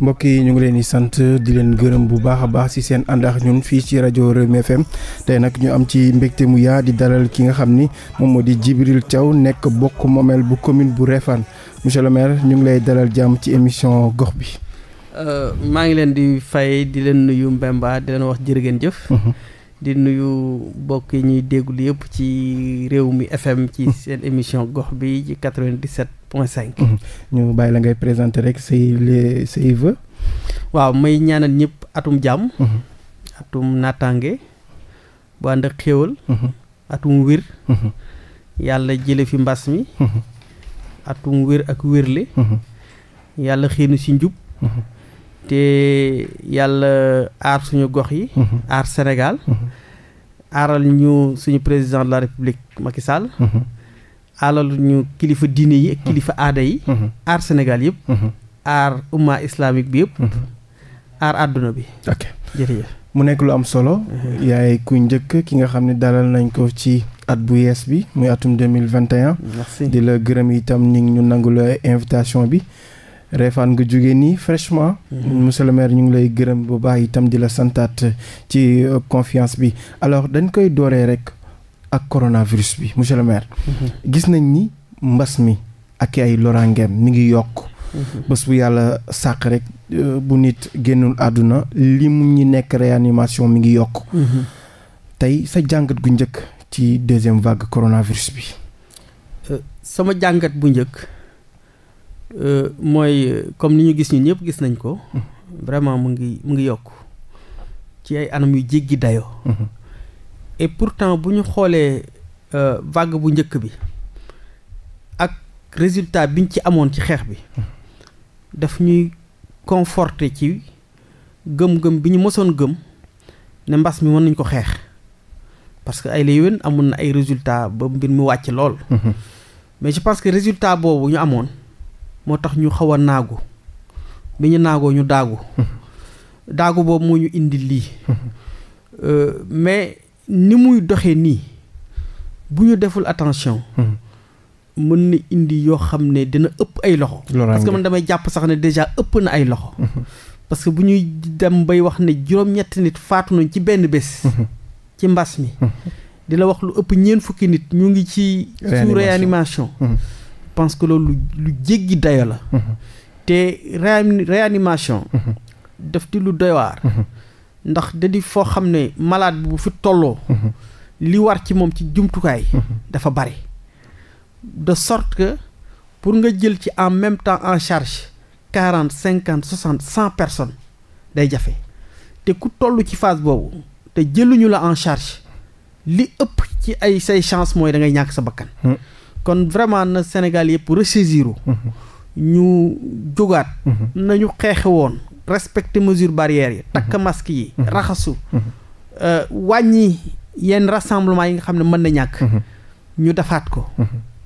mbokk yi ñu ngi leen di sant di leen gërëm bu baax a baax ci seen ànd ñun fii ci rajo Rewmi FM tey nag ñu am ci mbégte mu yaa di dalal ki nga xam ni moom moo di Djibril Thiaw nekk bokk moomeel bu commune bu Réfane monsieur ñu ngi lay dalal jàmm ci émission gox bi. Euh, maa ngi leen di fay di leen nuyu Mbemba di leen wax jërë ngeen jëf. Mhm. di nuyu mbokk yi ñuy déglu yëpp ci réew mi FM. ci mm-hmm. seen émission gox bi ci 97 point 5. Mm-hmm. ñu bàyyi la ngay présenter rek say les say vœux. waaw may ñaanal ñëpp atum jàmm. Mm-hmm. atum naataange. bu ànd ak atum wér. yàlla jële fi mbas mi. atum wér ak wérle. yàlla xiinu si njub. te yàlla aar suñu gox yi. Mm-hmm. aar Sénégal. Mm-hmm. aaral ñu suñu président de la république Macky mm-hmm. aaral ñu kilifa diine yi ak kilifa aada yi. aar Sénégal yëpp. aar umma islamique bi yëpp. aar àdduna bi. mu nekk lu am solo. yaay ku njëkk ki nga xam ne dalal nañ ko ci at bu yees bi muy atum mille vingt et un. di la gërëm itam ñu ngi ñu invitation bi. reefaan nga jógee nii fraîchement. Mhm. monsieur le ñu ngi lay gërëm bu bàyyi tam di la santaat ci euh, confiance bi alors dañ koy dooree rek ak coronavirus bi monsieur mhm. gis nañ ni mbas mi ak ay loraangeem mi ngi yokk. Mhm. bés bu yàlla sàq rek euh, bu nit génnul àdduna li mu ñi nekk réanimation mi ngi yokk. tey sa jàngat bu njëkk ci deuxième vague coronavirus bi. Euh, sama jàngat bu njëkk. Euh, mooy comme ni ñu gis ñun ñëpp gis nañ ko. vraiment mu ngi mu ngi yokk ci ay anam yu jéggi dayoo. Mm-hmm. et pourtant bu ñu xoolee euh, vague bu njëkk bi ak résultat biñ ci amoon ci xeex bi daf ñuy conforter ci gëm-gëm bi ñu mosoon gëm ne mbas mi mën nañ ko xeex parce que ay la yéwén amoon na ay résultat ba mbir mu wàcc lool. Mm-hmm. mais je pense que résultat boobu ñu amoon. moo tax ñu xaw a naagu bi ñu naagoo ñu daagu daagu boobu moo ñu indi lii euh, mais ni muy doxee nii bu ñu deful attention mën na indi yoo xam ne dina ëpp ay loxo parce que damay jàpp sax ne déjà ëpp na ay loxo parce que bu ñuy dem bay wax ne juróom-ñetti nit faatu nañ ci benn bés ci mbas mi di la wax lu ëpp ñeen fukki nit ñu ngi ci sous réanimation pense que loolu lu jéggi dayo la mhm. te réanimation mhm. def di lu doy waar mhm. ndax da di foo xam ne malade bu fi tolloo li war ci moom ci jumtukaay dafa bari de sorte que pour nga jël ci en même temps en charge quarante cinquante soixante cent personne day jafe te ku toll ci phase boobu te jëluñu la en charge li ëpp ci ay say chance mooy da ngay ñàkk sa bakkan hmm. kon vraiment na Sénégal yëpp ressaisir mhm. ñu jógaat mhm. nañu xeexe woon respecté mesures barrières yi takk mhm. masque yi raxasu euh, wàññi yenn rassemblement yi nga xam ne mën na ñàkk ñu defaat ko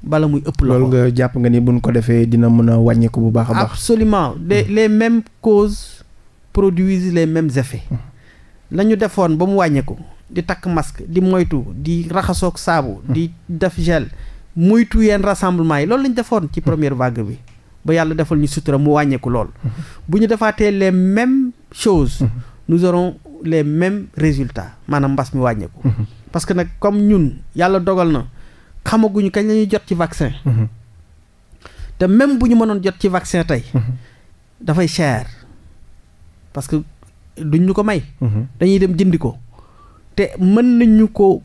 bala muy ëpp loolu nga jàpp nga ni buñ ko defee dina mën a wàññi ko bu baax a baax absolument les les mêmes causes produisent les mêmes effets la defoon ba mu wàññeeku di takk masque di moytu di raxasoog saabu di def gel muytu yenn rassemblement yi loolu lañ defoon ci première vague bi ba yàlla defal ñu sutura mu wàññeeku lool bu ñu defaatee les mêmes choses nous aurons les mêmes résultats maanaam mbas mi wàññeeku parce que nag comme ñun yàlla dogal na xamaguñu kañ la ñuy jot ci vaccin te même bu ñu mënoon jot ci vaccin tey dafay cher parce que duñ ñu ko may dañuy dem jëndi ko te mën nañu ko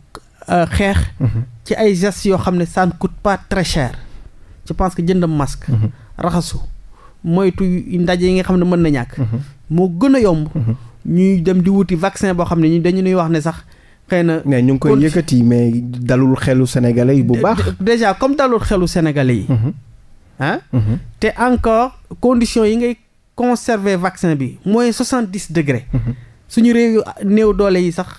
euh, xeex ci ay gestes yoo xam ne ça ne part pas très cher je que jënd masque. Mm-hmm. raxasu moytu ndaje yi nga xam ne mën na ñàkk. Mm-hmm. moo gën a yomb. Mm-hmm. ñuy dem di wuti vaccin boo xam ne ñu dañu ñuy wax ne sax. xëy na mais ñu ngi koy yëkkati mais dalul xelu sénégalais yi bu baax. déjà comme dalul xelu sénégalais yi. ah. te encore conditions yi ngay conserver vaccin bi mooy soixante dix degré. suñu réew yu néew doole yi sax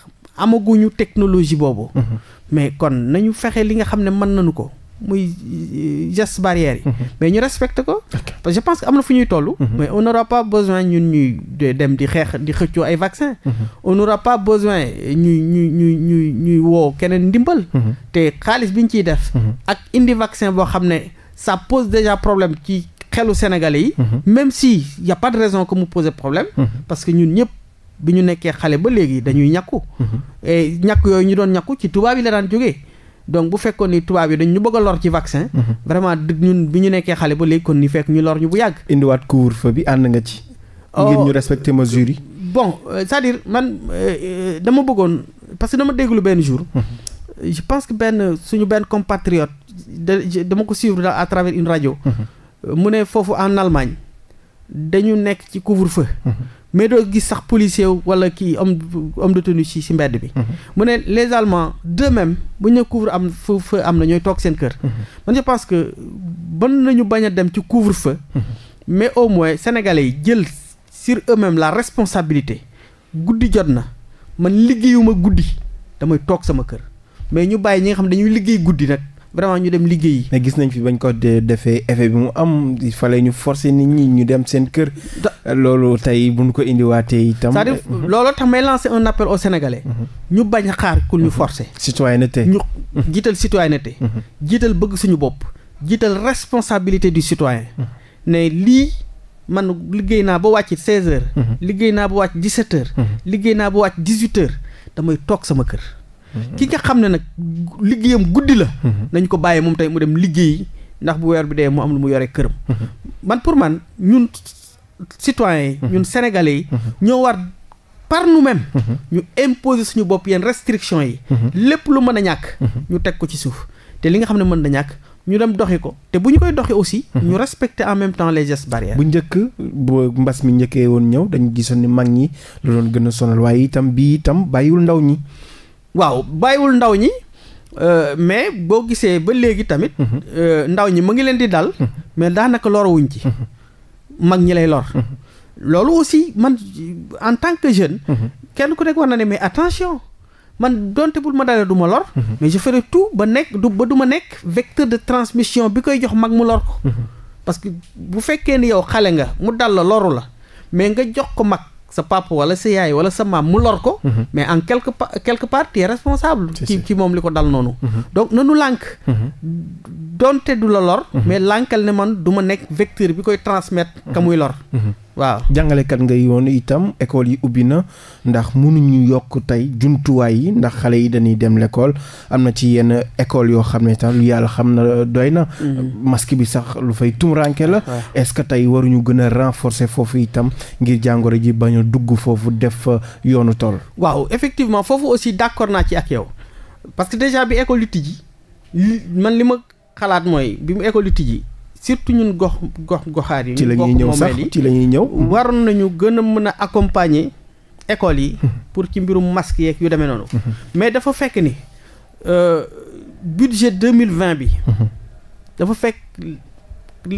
amaguñu technologie boobu. Mhm. mais kon nañu fexe li nga xam ne mën nañu ko. muy euh, geste barrière yi. Mhm. mais ñu respecte ko. parce que je pense que am na fu ñuy toll. Mhm. mais on n'aura pas besoin ñun ñuy dem di xeex di xëccoo ay vaccin on n'aura pas ñuy ñuy ñuy ñuy ñuy woo keneen ndimbal. te xaalis bi ñu ciy def. ak indi vaccin boo xam ne ça pose déjà problème ci xelu Sénégalais yi. même si y a pas de raison que mu pose problème. parce que ñun ñëpp. bi ñu nekkee xale ba léegi dañuy ñàkku mm-hmm. et ñàkk yooyu ñu doon ñàkku ci tubaab yi la daan jógee donc bu fekkoon ni tubaab yi dañ ñu bëgg a lor ci vaccin mm-hmm. vraiment ñun bi ñu nekkee xale ba léegi kon ni fekk ñu lor ñu bu yàgg indiwaat couvre fe bi ànd nga ci oh, ngir ñu respecter mesures yi bon euh, c'est-à-dire man euh, euh, dama bëggoon parce que dama déglu benn jour mm-hmm. je pense que benn suñu benn comme compatriote dama ko suivre à travers une radio mu ne foofu en Allemagne dañu nekk ci couvre-feu mais doo gis sax policier wala kii homme homme de tenue ci mbedd bi. Mhm. mu ne les Allemands d'eux-mêmes bu ñu couvre am feu am na ñooy toog seen kër. Mhm. man je pense que mën nañu bañ a dem ci couvre-feu. Mhm. mais au moins sénégalais jël sur eux-mêmes la responsabilité guddi jot na man liggéeyuma guddi damay toog sama kër mais ñu bàyyi ñi nga xam dañuy liggéey guddi nag. vraiment ñu dem liggéeyi. mais gis nañ fi bañ ko defee effet bi mu am fale ñu forcer nit ñi ñu dem seen kër. loolu tey buñ ko indiwaatee itam. c'est-à-dire eh, looloo tax may lancer un appel au Sénégalais. Mhm. ñu bañ xaar ku ñu mhm. forcer. citoyenneté ñu mhm. jiital citoyenneté. jiital bëgg suñu bopp. jiital responsabilité du citoyen. ne lii. man liggéey naa ba wàcc seize heures. liggéey naa ba wàcc dix sept heures. liggéey naa ba wàcc dix damay toog sama kër. ki nga xam ne nag liggéeyam guddi la. Mhm. nañ ko bàyyi moom tey mu dem liggéeyi ndax bu weer bi dee mu am lu mu yore këram. Mhm. man pour man ñun citoyens yi. ñun mhm. sénégalais yi. par nous-mêmes. ñu imposer suñu bopp yenn restriction yi. lépp lu mën a ñàkk. ñu teg ko ci suuf te li nga xam ne mën na ñàkk. ñu dem doxi ko te bu ñu koy doxi aussi. ñu respecter en même temps les gestes barrières. bu njëkk bu mbas mi njëkkee woon ñëw dañu gisoon ni mag ñi lu doon gën a sonal waaye itam bii itam bàyyiwul ndaw ñi. waaw bàyyiwul ndaw ñi euh, mais boo gisee ba léegi tamit mhm. euh, ndaw ñi mu ngi leen di dal mhm. mais daanaka loruwuñ ci mhm. mag ñi lay lor loolu aussi man en tant que jeune kenn ku nekk war na ne mais attention man donte bul ma dalee du ma lor mais je ferai tout ba nekk du ba du ma nekk vecteur de transmission bi koy jox mag mu lor ko parce que bu fekkee ni yow xale nga mu dal la loru la mais nga jox ko mag sa papa wala sa yaay wala sa maam mu lor ko. Mhm. mais en quelque pa quelque part tu es responsable. ci ci moom li ko dal noonu. Mhm. donc nanu lànk. Mhm. donte du la lor. mais lànkal ne man du ma nekk vecteur bi koy transmettre. ka muy lor. waaw jàngalekat nga yoon itam école yi ubbi na ndax mënuñu yokk tey jumtuwaay yi ndax xale yi dañuy dem lekkool am na ci yenn école yoo xam ne tax lu yàlla xam na doy na. Mm-hmm. masque bi sax lu fay tumuranke la. est-ce que tey waruñu gën a renforcer foofu itam ngir jàngoro ji bañ dugg foofu def fa yoonu tool. waaw effectivement foofu aussi d'accord naa ci ak yow parce que déjà bi école yi tijji man li ma xalaat mooy bi mu école yi tijji surtout ñun gox gox goxaar yi. ci la ñuy ñëw sax ci la ñuy ñëw. waroon nañu gën a mën a accompagner écoles yi. pour ci mbirum masque yeeg yu demee noonu. Mhm. mais dafa fekk ni euh, budget deux mille vingt bi. Mhm. dafa fekk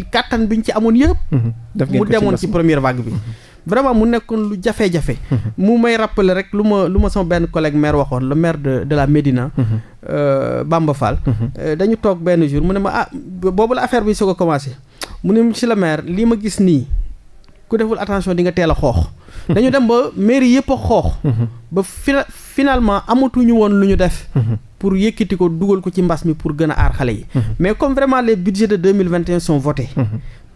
kàttan bi ñu ci amoon yëpp. Mhm. mu demoon ci première vague bi. vraiment mu nekkoon lu jafe-jafe. mu may rappeler rek lu ma lu ma sama benn collègue maire waxoon le maire de de la Médina. Euh, Bamba Fall. Euh, dañu toog benn jour mu ne ma ah boobu la affaire bi soog a commencé mu ne monsieur le maire lii ma gis nii ku deful attention di nga teel a xoox. dañu dem ba mairie yëpp a xoox. ba fina finalement amatuñu woon lu ñu def. pour yëkkati ko dugal ko ci mbas mi pour gën a aar xale yi. mais comme vraiment les budgets de deux mille vingt et un sont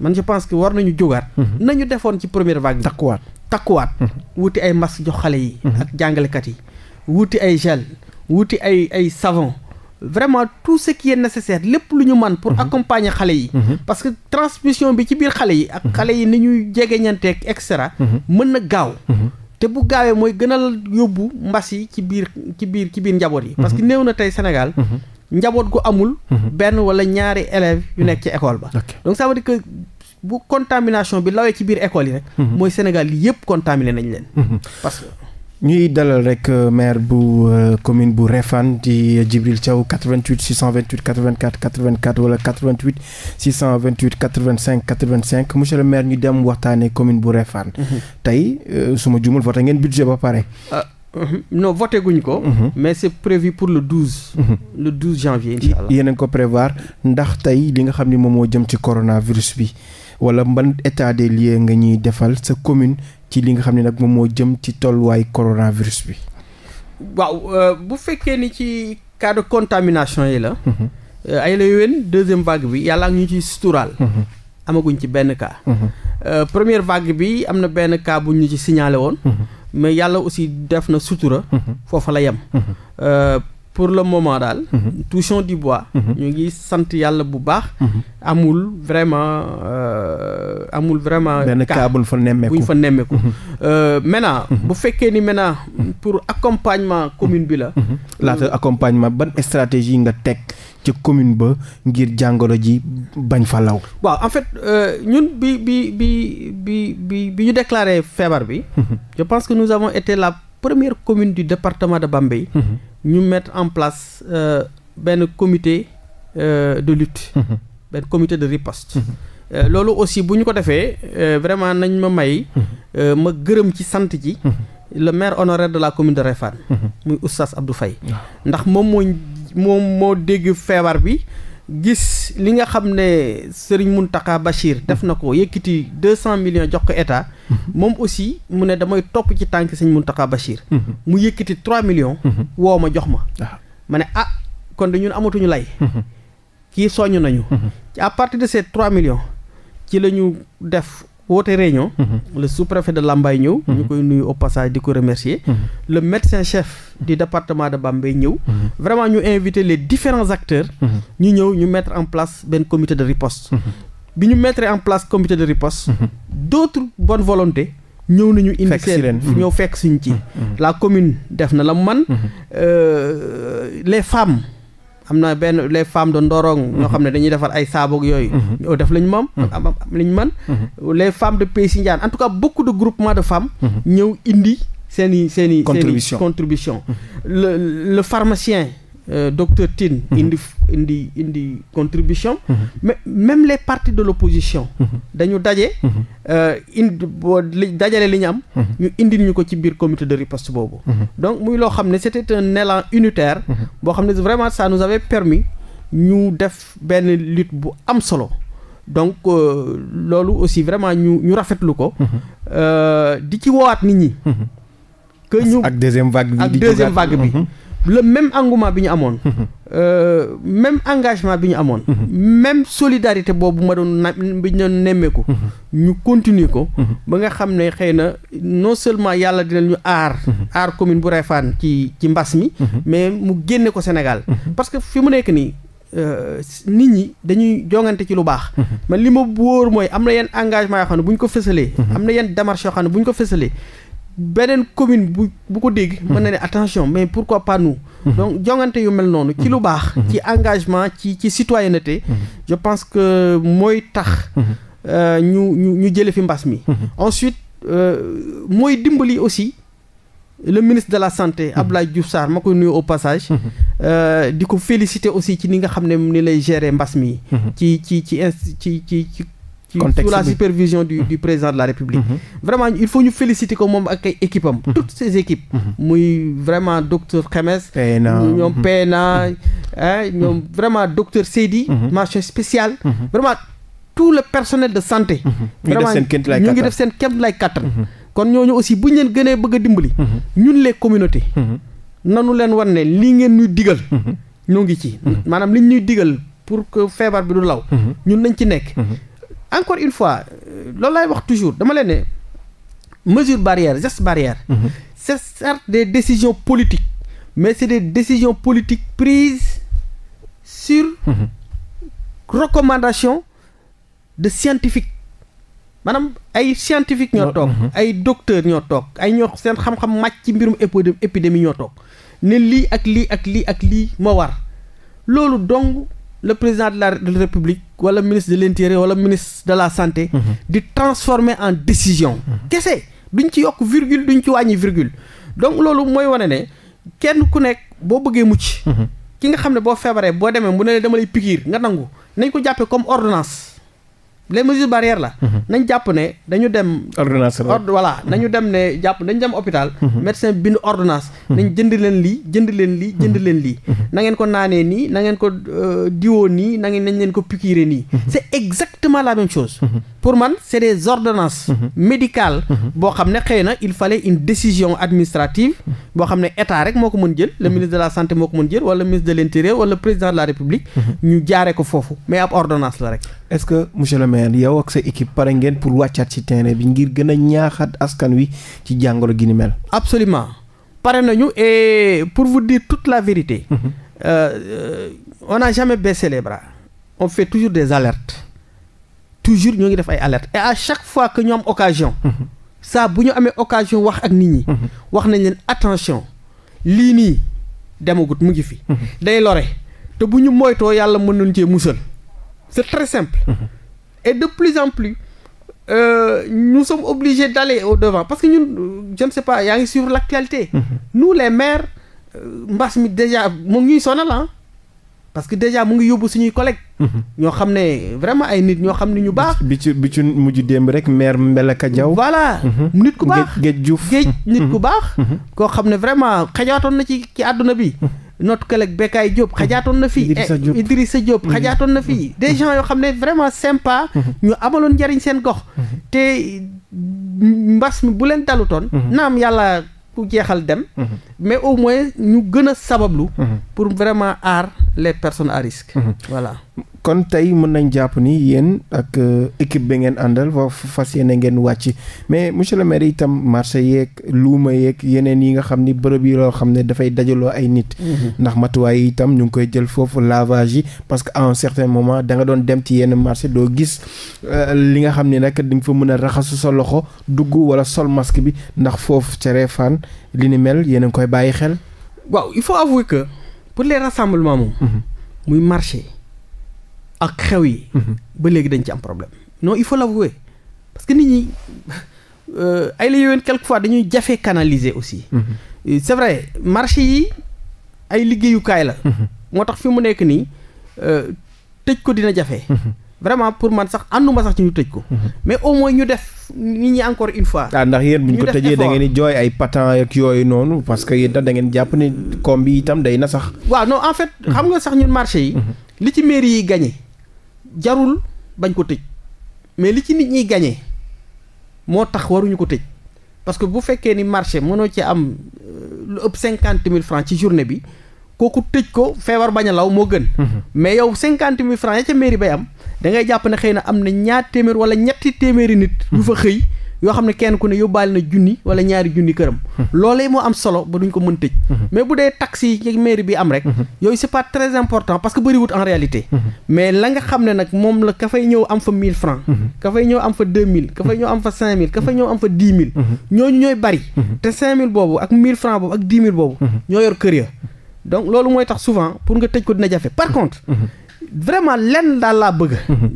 man je pense que war nañu jógaat mhm. nañu defoon ci première vague bi takkuwaat takkuwaat mhm. wuti ay masque jox xale yi mhm. ak jàngalekat yi wuti ay gel wuti ay ay savon vraiment tout ce qui est nécessaire lépp lu ñu man pour accompagner xale yi parce que transmission bi ci biir xale yi ak xale yi ni ñuy jegeñanteeg et cetera mën na gaaw te bu gaawee mooy gënal yóbbu mbas yi ci biir ci biir ci biir njaboot yi parce que néew na tey Sénégal njaboot gu amul. Mhm. benn wala ñaari élèves yu nekk ci mhm. école ba. donc ça veut dire que bu contamination bi lawee ci biir école yi rek. Mhm. mooy Sénégal yëpp contaminé nañ leen. parce que. ñuy dalal rek euh, maire bu euh, commune bu Réfane di euh, Djibril Thiaw 88 628 84 84 wala 88 628 85 85 monsieur le maire ñu dem waxtaanee commune bu Réfane. tey su ma jumul voté ngeen budget ba pare. Mhm. no voté guñ ko. Mhm. mais c' est prévu pour le douze. Mhm. le douze janvier incha allah. ko prévoir ndax tey li nga xam ni moom moo jëm ci coronavirus bi wala ban état des lieux nga ñuy defal sa commune ci li nga xam ne nag moom moo jëm ci tolluwaay coronavirus bi. waaw euh, bu fekkee ni ci cas contamination yi la. Euh, ay la yowin deuxième vague bi yàlla ak ñu ci suturaal. amaguñ ci benn cas. Euh, première vague bi am na benn cas bu ñu ci signalé woon. mais yàlla aussi def na sutura. Mm-hmm. foofa la yem. Mm-hmm. Euh, pour le moment daal. Mhm. touchons du bois. Mhm. ñu ngi sant yàlla bu baax. Mhm. amul vraiment euh, amul vraiment. benn cas fa nemmeeku bu ñu fa nemmeeku. maintenant euh, bu fekkee ni maintenant pour accompagnement commune bi la. laata euh, accompagnement ban stratégie nga teg ca commune ba ngir jàngoro ji bañ fa law. waaw en fait ñun bi bi bi bi bi bi ñu déclaré feebar bi. je pense que nous avons été la première commune du département de Bambey. ñu mettre en place euh, benn comité euh, de lutte. Mm-hmm. benn comité de riposte. Mm -hmm. loolu aussi bu ñu ko defee euh, vraiment nañ ma may. Mm-hmm. ma gërëm ci sant ji. Mm-hmm. le maire honoraire de la commune de Réfane. muy oustaz Abdou Faye. Ah. ndax moom moo moom moo dégg feebar bi. gis li nga xam ne Serigne Mountakha Bachir def na ko yëkkati deux cent millions jox ko état. moom aussi mu ne damay topp ci tànk Serigne Mountakha Bachir. mu yëkkati trois million woo ma jox ma. ma ne ah kon de ñun amatuñu lay. kii soññ nañu. à partir de ces trois millions ci lañu def. woote réunion. Mhm. le sous-préfet de Lambaye ñëw. Mhm. ñu koy nuyu au passage di ko remercier. Mhm. le médecin chef du département de Bambey ñëw. vraiment ñu invité les différents acteurs. ñu ñëw ñu mettre en place benn comité de riposte. bi ñu mettre en place comité de riposte. d'autres bonnes volontés. ñëw nañu indi seen ñëw fekk suñ ci. la commune def na la man. Euh, les femmes. am na benn les femmes de Ndorong. ñoo mhm. xam ne dañuy defar ay saabu yooyu. Mhm. ñoo def lañu moom. Mhm. am liñ man les femmes de Pessi Ndiane en tout cas beaucoup de groupements de femmes. ñëw indi seen i seen i. contribution seen i contribution. le le pharmacien. Euh, docteur tin mhm. indi indi indi contribution. Mhm. mais même les partis de l'opposition. Mhm. dañu daje. Euh, indi boo dajale li ñu am. ñu indi ñu ko ci biir comité de riposte boobu. donc muy loo xam ne te un élan unitaire. boo xam ne vraiment ça nous avait permis ñu def benn lutte bu am solo. donc euh, loolu aussi vraiment ñu ñu rafetlu ko. di ci woowaat nit ñi. que ñu ak deuxième vague bi ak deuxième vague bi. le même engouement bi ñu amoon. Euh, même engagement bi ñu amoon. même solidarité boobu ma doon na bi ñu nemmeeku. ñu continuer ko. ba nga xam ne xëy na non seulement yàlla dina ñu aar. aar commune bu Réfane ci ci mbas mi. mais mu génne ko Sénégal. parce que fi mu nekk nii. Uh, nit ñi dañuy jongante ci lu baax mm -hmm. man li ma wóor mooy am na yenn engagement yoo xam ne bu ñu ko fësalee am na yenn démarche yoo xam ne bu ñu ko fësalee beneen commune bu bu ko dégg. mën na ne attention mais pourquoi pas nous. Mhm. donc jongante yu mel noonu. ci lu mhm. baax. Mhm. ci engagement ci ci citoyenneté. je pense que mooy tax. Euh, ñu ñu ñu jëlee fi mbas mi. ensuite euh, mooy dimbali aussi. le ministre de la santé Abdoulaye Diouf Sarr ma koy nuyu au passage euh, di ko féliciter aussi ci ni nga xam ne ni lay gérer mbas mi. ci ci ci ci ci ci sous la supervision du du président de la République mm-hmm. vraiment il faut ñu féliciter ko moom ak ay équipe am mm-hmm. toutes ces équipes mm-hmm. muy vraiment docteur Khemes ñoom Pena ñoom docteur Seydi mention spéciale vraiment tout le personnel de santé vraiment ñu ngi def seen kéem lay kattan kon ñooñu aussi bu ñu leen gënee bëgg a dimbali ñun les communautés nanu leen war ne lii ngeen ñuy digal ñoo ngi ci maanaam liñ ñuy digal pour que feebar bi du law ñun nañ ci nekk encore une fois euh, loolu laay wax toujours dama leen ne mesure barrière geste barrière mhm. c'est certes des décisions politique mais c'est des décisions politiques prises sur mhm. recommandation de scientifique maanaam ay scientifique ñoo toog mhm. ay docteur ñoo toog ay ñoo seen xam-xam màcc ci mbirum épidémie ñoo toog ne lii ak lii ak lii ak lii moo war loolu dong le président de la république wala ministre de l'intérieur wala ministre de la santé. Mhm. di transformer en décision. Mhm. kese ñu ci yokk virgule ñu ci wàññi virgule donc loolu mooy wane ne kenn ku nekk boo bëggee mucc. Mhm. ki nga xam ne boo feebaree boo demee mu ne dama lay pikiir nga nangu nañ ko jàppee comme ordonnance. les mesures barrières la. Mhm. nañ jàpp ne dañu dem. ordonnance ordre voilà nañu dem ne jàpp dañu dem hôpital. Mhm. médecin bind ordonnance. Mhm. nañ jënd leen lii jënd leen lii jënd ko naanee nii na ngeen ko euh, diwoo nii na ngeen nañ leen ko piqûre nii. c'est exactement la même chose. pour man c'est des ordonnances. médicales. boo xam ne xëy na il fallait une décision administrative. boo xam ne état rek moo ko mën jël. le ministre de la santé moo ko mën jël wala ministre de l'intérieur la république. mais yow ak sa équipe pare ngeen pour wàccaat ci terrain bi ngir gën a ñaaxaat askan wi ci jàngoro gi ni mel. absolument pare nañu et pour vous dire toute la vérité. Mmh. Euh, on n'a jamais baissé les on fait toujours des alertes toujours ñoo ngi def ay alertes et à chaque fois que ñu am occasion. saa bu ñu amee occasion wax ak nit ñi. wax nañ leen attention lii nii demagut mu ngi fi. day lore te bu ñu moytoo yàlla mën cee musal c'est très simple. et de plus en plus euh, nous sommes obligés d'aller au devant parce que ñun je ne sais pas yaa ngi suivre l'actualité mmh. nous les maires euh, mbas mi déjà mu ngi ñuy sonal ah parce que déjà mu ngi yóbbu suñuy collègues. Mhm. ñoo xam ne vraiment ay nit ñoo xam ne ñu baax. bi ci bi ci mujj démb rek maire Mbelaka jaw voilà mhm. nit ku baax géej géej géej nit ku mhm. baax. koo xam ne vraiment xajaatoon na ci ci àdduna bi. notre collègue Bekay Diop xajaatoon na fii sa eh, Diop mm-hmm. xajaatoon na fii mm-hmm. des gens yoo xam ne vraiment sympa mm-hmm. ñu amaloon njariñ seen gox te mbas mi bu leen dalutoon naam yàlla ku jeexal dem mais au moins ñu gën a sabablu pour vraiment aar les personnes à risque. Mmh. voilà. kon tey mën nañ jàpp ni yéen ak euh, équipe bi ngeen àndal foofu fas yéene ngeen wàcc mais monsieur le maire itam marché yeeg luuma yeeg yeneen yi nga xam ni bërëb yi loo xam ne dafay dajaloo ay nit. Mhm. ndax matuwaay itam ñu ngi koy jël foofu lavage yi parce que en un certain moment da doon dem ci yenn marché doo gis euh, li nga xam ni nag di nga fa mën a raxasu sa loxo dugg wala sol masque bi ndax foofu ca Réfane li ni mel yéen a ngi koy bàyyi xel. waaw il faut avouer que. pour les rassemblements moom. Mhm. muy marché ak xew yi. Mhm. ba léegi dañ ci am problème no il faut l'avouer parce que nit ñi euh, ay la yoween quelquefois dañuy jafe canaliser aussi. Mhm. c'est vrai marché yi ay liggéeyukaay la. moo tax fi mu nekk nii euh, tëj ko dina jafe. vraiment pour man sax ànduma sax ci ñu tëj ko. Mhm. mais au moins ñu def nit ñi encore une fois. ah ndax yéen buñ ñu ko tëjee da ngeen di jooy ay patents ak yooyu noonu parce que yéen da ngeen jàpp ne koom bi itam day na sax. waaw non en fait. Mhm. xam nga sax ñun marché yi. Mhm. li ci mairie yi gagné jarul bañ ko tëj mais li ci nit ñi gañe moo tax waruñu ko tëj parce que bu fekkee ni marché mënoo ci am euh, lu ëpp cinquante mille francs ci journée bi kooku tëj ko feebar bañ law moo gën. mais yow cinquante mille francs ya ca bay am. da ngay jàpp ne xëy na am na ñaar téeméer wala ñetti téeméeri nit. yu fa xëy yoo xam ne kenn ku ne yóbbaale na junni wala ñaari junni këram. loolee moo am solo ba duñ ko mën tëj. mais bu dee taxes yi ci mairie bi am rek. yooyu c'est pas très important parce que bariwut en réalité. mais la nga xam ne nag moom la ka fay ñëw am fa mille francs ka fay ñëw am fa 2000. ka fay ñëw am fa 5000 ka fay ñëw am fa 10 000. ñooñu ñooy bari. te mille boobu ak 1000 francs boobu ak 10 000 ñoo yor kër ya donc loolu tax souvent pour nga tëj ko dina jafe par vraiment lenn daal laa bëgg. Mhm.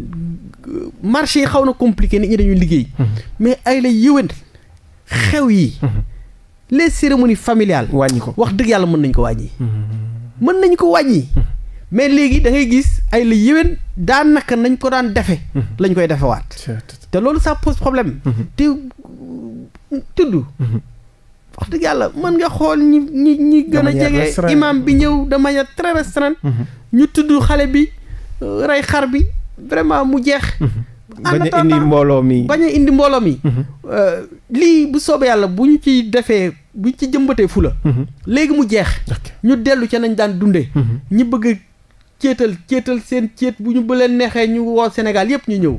marché yi xaw na compliqué nit ñi dañuy liggéey. Mhm. mais ayla la yéwén xew yi. Mhm. les cérémonies familiales. wàññi ko wax dëgg yàlla mën nañ ko wàññi. mën nañ ko wàññi. mais léegi da ngay gis ay la yéwén daanaka nañ ko daan defe lañ koy defewaat. te loolu ça pose problème. te tudd. wax dëgg yàlla mën nga xool ñi ñi ñi gën a jege imam bi ñëw de manière très ñu tudd xale bi. Euh, rey xar bi vraiment mu jeex. Mhm. bañ indi mbooloo mi bañ a indi mbooloo mi. Mhm. Euh, lii bu soobee yàlla bu ñu ci defee bu ñu ci jëmbatee fula. Mhm. léegi mu jeex. ñu dellu ci nañ daan dundee. ñi bëgg céetal céetal seen céet bu ñu bu leen neexee ñu woo Sénégal yëpp ñu ñëw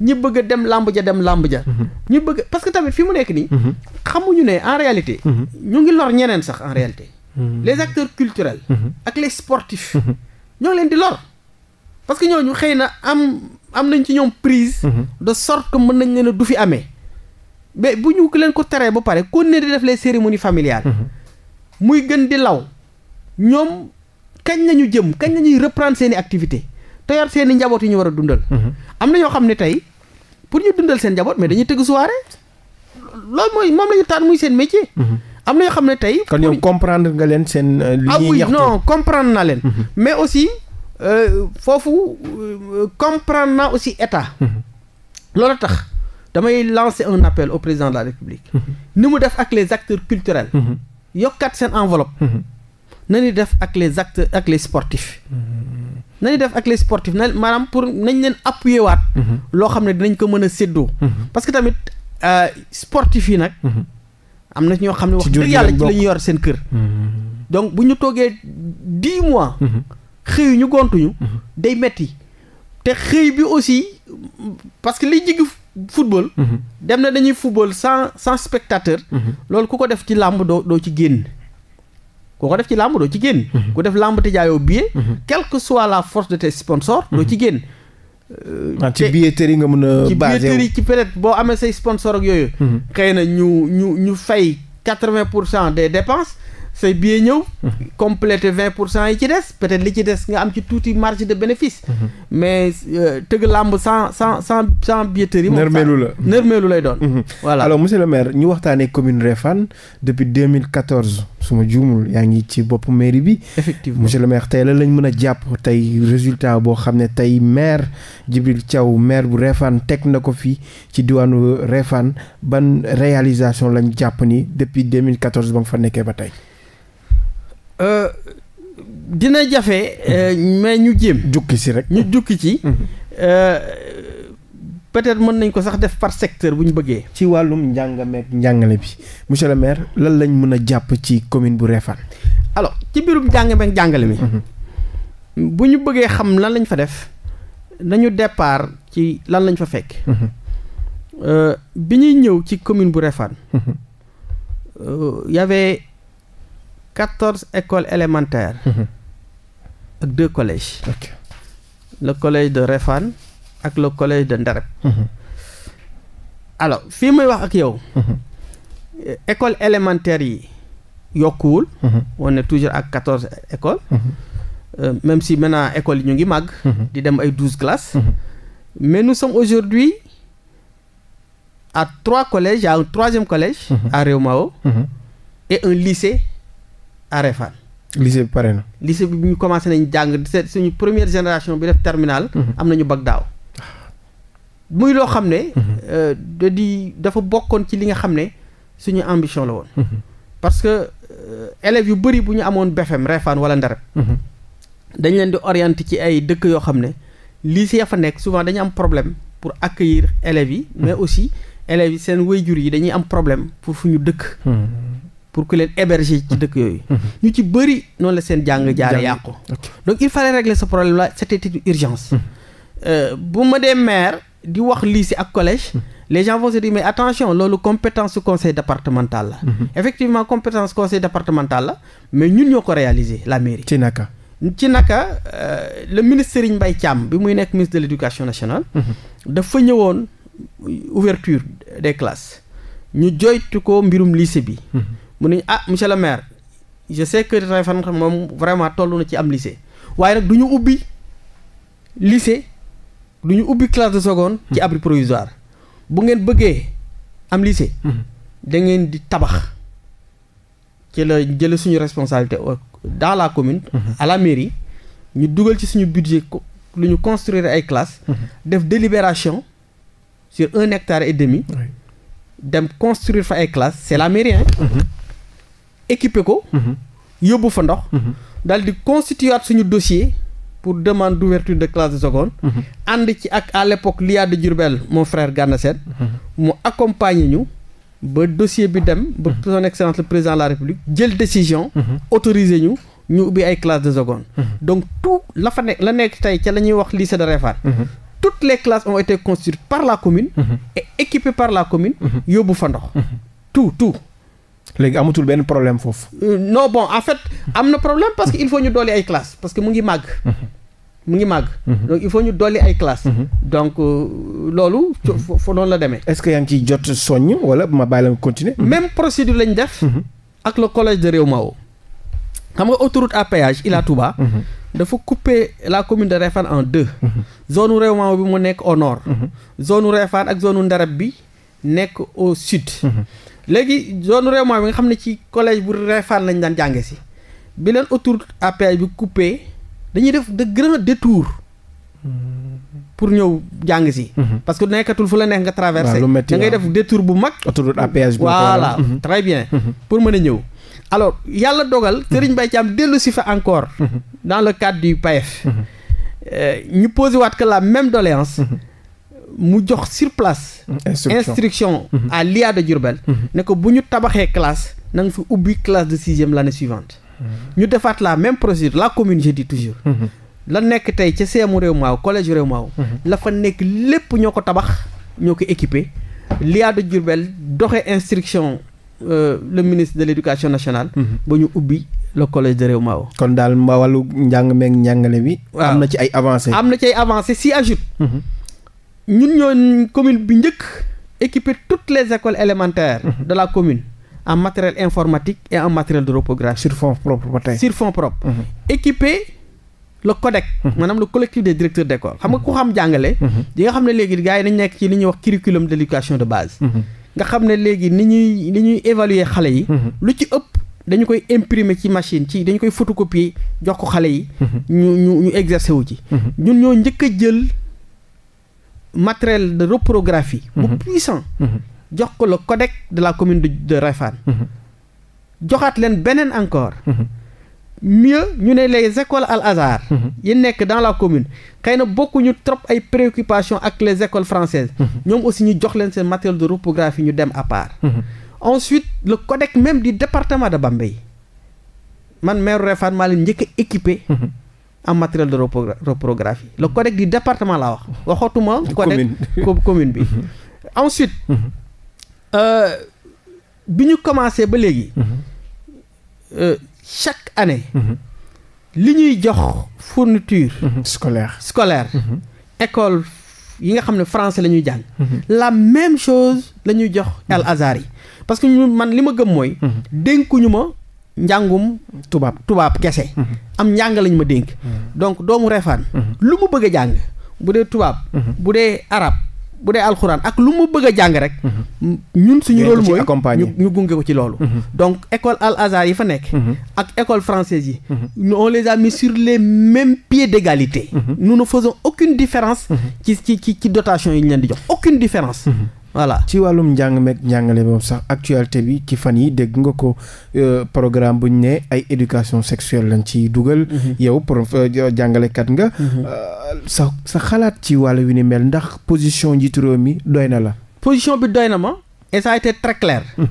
ñi bëgg dem làmb ja dem làmb ja ñu bëgg parce que tamit fi mu nekk nii xamuñu ne en réalité ñu ngi lor ñeneen sax en réalité les acteurs culturels ak les sportifs ñoo leen di lor parce que ñooñu xëy na am am nañ ci ñoom prise. Mhm. de sorte que mën nañ leen du fi amee. mais bu ñu leen ko teree ba pare kon ne di def les cérémonies familiales. Mhm. muy gën di law ñoom kañ nañu jëm kañ nañuy reprendre seen activité activités te seen i njaboot yi ñu war a dundal. Mhm. am na ñoo xam ne tey pour ñu dundal seen njaboot mais dañuy tëgg soirée loolu mooy moom la ñu tànn muy seen métier. am na ñoo xam ne tey. kon comprendre nga leen seen. Euh, li ah ñuy ñaxtu ah comprendre naa leen. mais aussi Euh, foofu euh, comprendre naa aussi état. Mhm. loolu tax damay lancer un appel au président de la république. Mhm. ni mu def ak les acteurs culturels. Mhm. yokkat seen enveloppe. na def ak les acteurs ak les sportifs. na def ak les sportifs maanaam pour nañ leen appuyer waat. loo xam ne dinañ ko mën a séddoo. parce que tamit euh, sportifs yi nag. am na ñoo xam ne wax dëgg yàlla ci la ñu yor seen kër. donc bu ñu toogee dix mois. xëyuñu gontuñu. Mhm. day metti te xëy bi aussi parce que liy jigi football. Mhm. dem na dañuy football sans sans spectateur. Mhm. loolu ku ko def ci làmb doo doo ci génn. ku def ci làmb doo ci génn. ku def làmb te jaayoo billet. quelle que soit la force de tes sponsors. doo ci génn. Euh, ah, ci billetterie nga mën a. ci billetterie ci peut être boo amee say sponsor ak yooyu. xëy na ñu ñu ñu fay quatre vingt pour cent des dépenses. say billet ñëw. complété vingt pour yi ci des peut-être li ci des nga am ci tuuti marge de bénéfice. Mhm. mais euh, tëgg làmb sans sans sans sans billetterie. moom nërmeelu la nërmeelu lay doon. Mhm. voilà alors monsieur le maire ñu waxtaanee commune Réfane depuis 2014 su ma juumul yaa ngi ci bopp maire bi. effectivement le maire tey la lañ mën a jàpp tey résultat boo xam ne tey maire Djibril Thiaw maire bu Réfane teg na ko fi ci diwaanu Réfane ban réalisation lañ jàpp ni depuis 2014 ba nga fa nekkee ba tey. Euh, dina jafe euh, mais ñu jéem. jukki si rek ñu jukki ci. Mhm. Euh, peut-être mën nañ ko sax def par secteur bu ñu bëggee. ci wàllum njàngameeg njàngale bi monsieur le maire lan lañ mën a jàpp ci commune bu Réfane. alors ci mbirum njàngameeg njàngale mi. Mhm. bu ñu bëggee xam lan lañ fa def nañu départ ci lan lañ fa fekk. Mhm. bi ñuy ñëw ci commune bu Réfane. y quatorze écoles élémentaires. Mhm. ak deux collèges. Okay. le collège de Réfane ak le collège de Ndarep. Mhm. alors fii may wax ak yow. Mhm. école élémentaire yi yokkuwul. on est toujours ak quatorze école Euh, même si maintenant école yi ñu ngi màgg. di dem ay douze classes. mais nous sommes aujourd'hui à trois collèges à un troisième collège. à Réumao. et un lycée. Arefan. lycée bi pare na. lycée bi ñu commencé nañ jàng di suñu première génération bi def terminal mhm. am nañu bac daaw. muy loo xam ne. Mhm. Euh, da di dafa bokkoon ci li nga xam ne suñu ambition la woon. Mhm. parce que euh, élèves yu bëri bu ñu amoon BFM Refane wala Ndareb. dañ leen di orienté ci ay dëkk yoo xam ne lycée ya fa nekk souvent dañu am problème pour accueillir élèves yi. mais aussi élèves yi seen wéyjur yi dañuy am problème pour fu ñu dëkk. pour que leen héberger ci dëkk yooyu. Mhm. ñu ci bëri noonu la seen jàng jaar yàqu. donc il fallait régler ce problème là c'était une urgence. Mhm. Euh, bu ma dee maire di wax lycée ak collège. Mhm. les gens vont se mais attention loolu compétence su conseil départemental la. effectivement compétence conseil départemental la mais ñun ñoo ko réaliser la mairie. ci naka. ci naka euh, le ministre Serigne Mbaye Thiam bi muy nekk ministre de l'éducation nationale. dafa ñëwoon ouverture des classes. ñu joytu mbirum lycée bi. mu ne ah monsieur le maire je sais que Réfane moom vraiment toll na ci am lycée waaye nag du ñu ubbi lycée du ñu ubbi classe de seconde. ci abri provisoire bu ngeen bëggee am lycée. Mhm. da ngeen di tabax ci la jële suñu responsabilité dans la commune. Mhm. à la mairie ñu dugal ci suñu budget lu ñu construire ay classes. Mhm. def délibération sur un hectare et demi. dem construire fa ay classes c'est la mairie équiper ko. Mhm. yóbbu fa ndox. Mhm. daal di constituer suñu dossier pour demande d'ouverture de classe de seconde. Mhm. ànd ci ak à l'époque l'IA de Diourbel mon frère Gana Sène mu accompagner ñu. ba dossier bi dem. ba son excellence le président la république jël décision. autoriser ñu ñu ubbi ay classes de seconde. donc tout la fa nekk la nekk tey ca la ñuy wax lycée de Réfane. toutes les classes ont été construites par la commune. équipe par la commune. yóbbu fa ndox. tout tout. léegi amatul benn problème foofu. Euh, non bon en fait am na problème parce que il faut ñu dolli ay classes parce que mu ngi màgg. Mhm. mu ngi màgg. Mhm. donc il faut ñu dolli ay classes. Mhm. donc euh, loolu. fo noonu la demee. est-ce que yaa ngi ciy jot soññ wala ma bàyyi la nga continuer. même procédure lañ def. ak le collège de Réwmao. xam nga autoroute à péage Ila Touba. dafa couper la commune de Réfane en deux. zone nu Réwmao bi mu nekk au nord. zone nu Réfane ak zone nu bi nekk au léegi zone réew moom bi nga xam ne ci collège bu Réfane lañ daan jànge si bi leen autoroute à bi coupé dañuy def de grand détour pour ñëw jàng si. Mhm. parce que nekkatul fu la neex nga traversé. da ngay def détour bu mag. autoroute à péage bi voilà très bien. Mhm. Mhm. pour mën a ñëw. alors yàlla dogal. Serigne Mbaye Thiam dellu si fa encore. dans le cadre du PAEF. Euh, ñu posé waat que la même doléance. mu jox sur place. instruction mhm. à l'IA de Diourbel. Mhm. ne ko bu ñu tabaxee classe na nga fi ubbi classe de sixième l'année suivante. Mhm. ñu defaat la même procédure la commune je dis toujours. la nekk tey ca CEM réew maaw collège réew maaw. la fa nekk lépp ñoo ko tabax ñoo ko équipe l'IA de Diourbel doxe instruction euh, le ministre de l'éducation nationale. ba ñu ubbi. le collège de Réewmao. kon daal mbawalu njàng meeg njàngale bi. waaw am na ci ay avancées. am na ci ay avancées si ajoute. ñun ñoo commune bi njëkk équiper toutes les écoles élémentaires mhm. de la commune en matériel informatique et en matériel de reprographie sur fonds propres ba tey sur fonds mhm. codec mhm. maanaam le collectif des directeurs d'école xam nga ku xam jàngale di nga xam ne léegi gars yi dañ nekk ci li ñu wax curriculum d'éducation de base nga xam ne léegi ni ñuy ni ñuy évaluer xale yi lu ci ëpp dañu koy imprimer ci machine ci dañu koy photocopier jox ko xale yi ñu ñu ñu wu ci ñun ñoo njëkk a matériel de reprographie. bu mhm. puissant. Mhm. jox ko le codec de la commune de de Réfane. Mhm. joxaat leen beneen encore. mieux ñu ne les écoles al azhar yi nekk dans la commune xëy na bokkuñu trop ay préoccupations ak les écoles françaises ñoom aussi ñu jox leen seen matériel de reprographie ñu dem à part ensuite le codec même di département de Bambey man maire Réfane maa leen njëkk a en matériel de reprographie le codec du département laa wax waxootuma codec commune bi mhm. ensuite mhm. Euh, bi ñu commencé ba léegi mhm. euh, chaque année li ñuy jox fourniture scolaire scolaire école yi nga xam ne français la ñuy jàng la même chose la ñuy jox al yi parce que ñu man li ma gëm mooy dénkuñu ma njàngum tubaab tubaab kese. Mhm. am njàng lañu ma dénk. Mhm. donc doomu Refane. Mhm. lu mu bëgg jàng bu dee tubaab. bu dee arab bu dee alxuraan ak lu mu bëgg a jàng rek. ñun suñu rôle mooy ñu gunge ko ci loolu. donc école al azhar yi fa nekk. ak école française yi. on les a mis sur les mêmes pieds d'égalité. nous nu faisons aucune différence. ci ci ci ci dotation yi ñu leen di jox aucune différence. voilà ci wàllum njàng meeg njàngale moom sax actualité bi ci fan yi dégg nga ko euh, programme bu ñu ne ay éducation sexuelle lañ ci dugal. Mhm. yow prof euh, jàngalekat nga. Mhm. Euh, sa sa xalaat ci wàll wi ni mel ndax position njiitu réew mi doy na la. position bi doy na ma. et ça a été très clair. Mhm.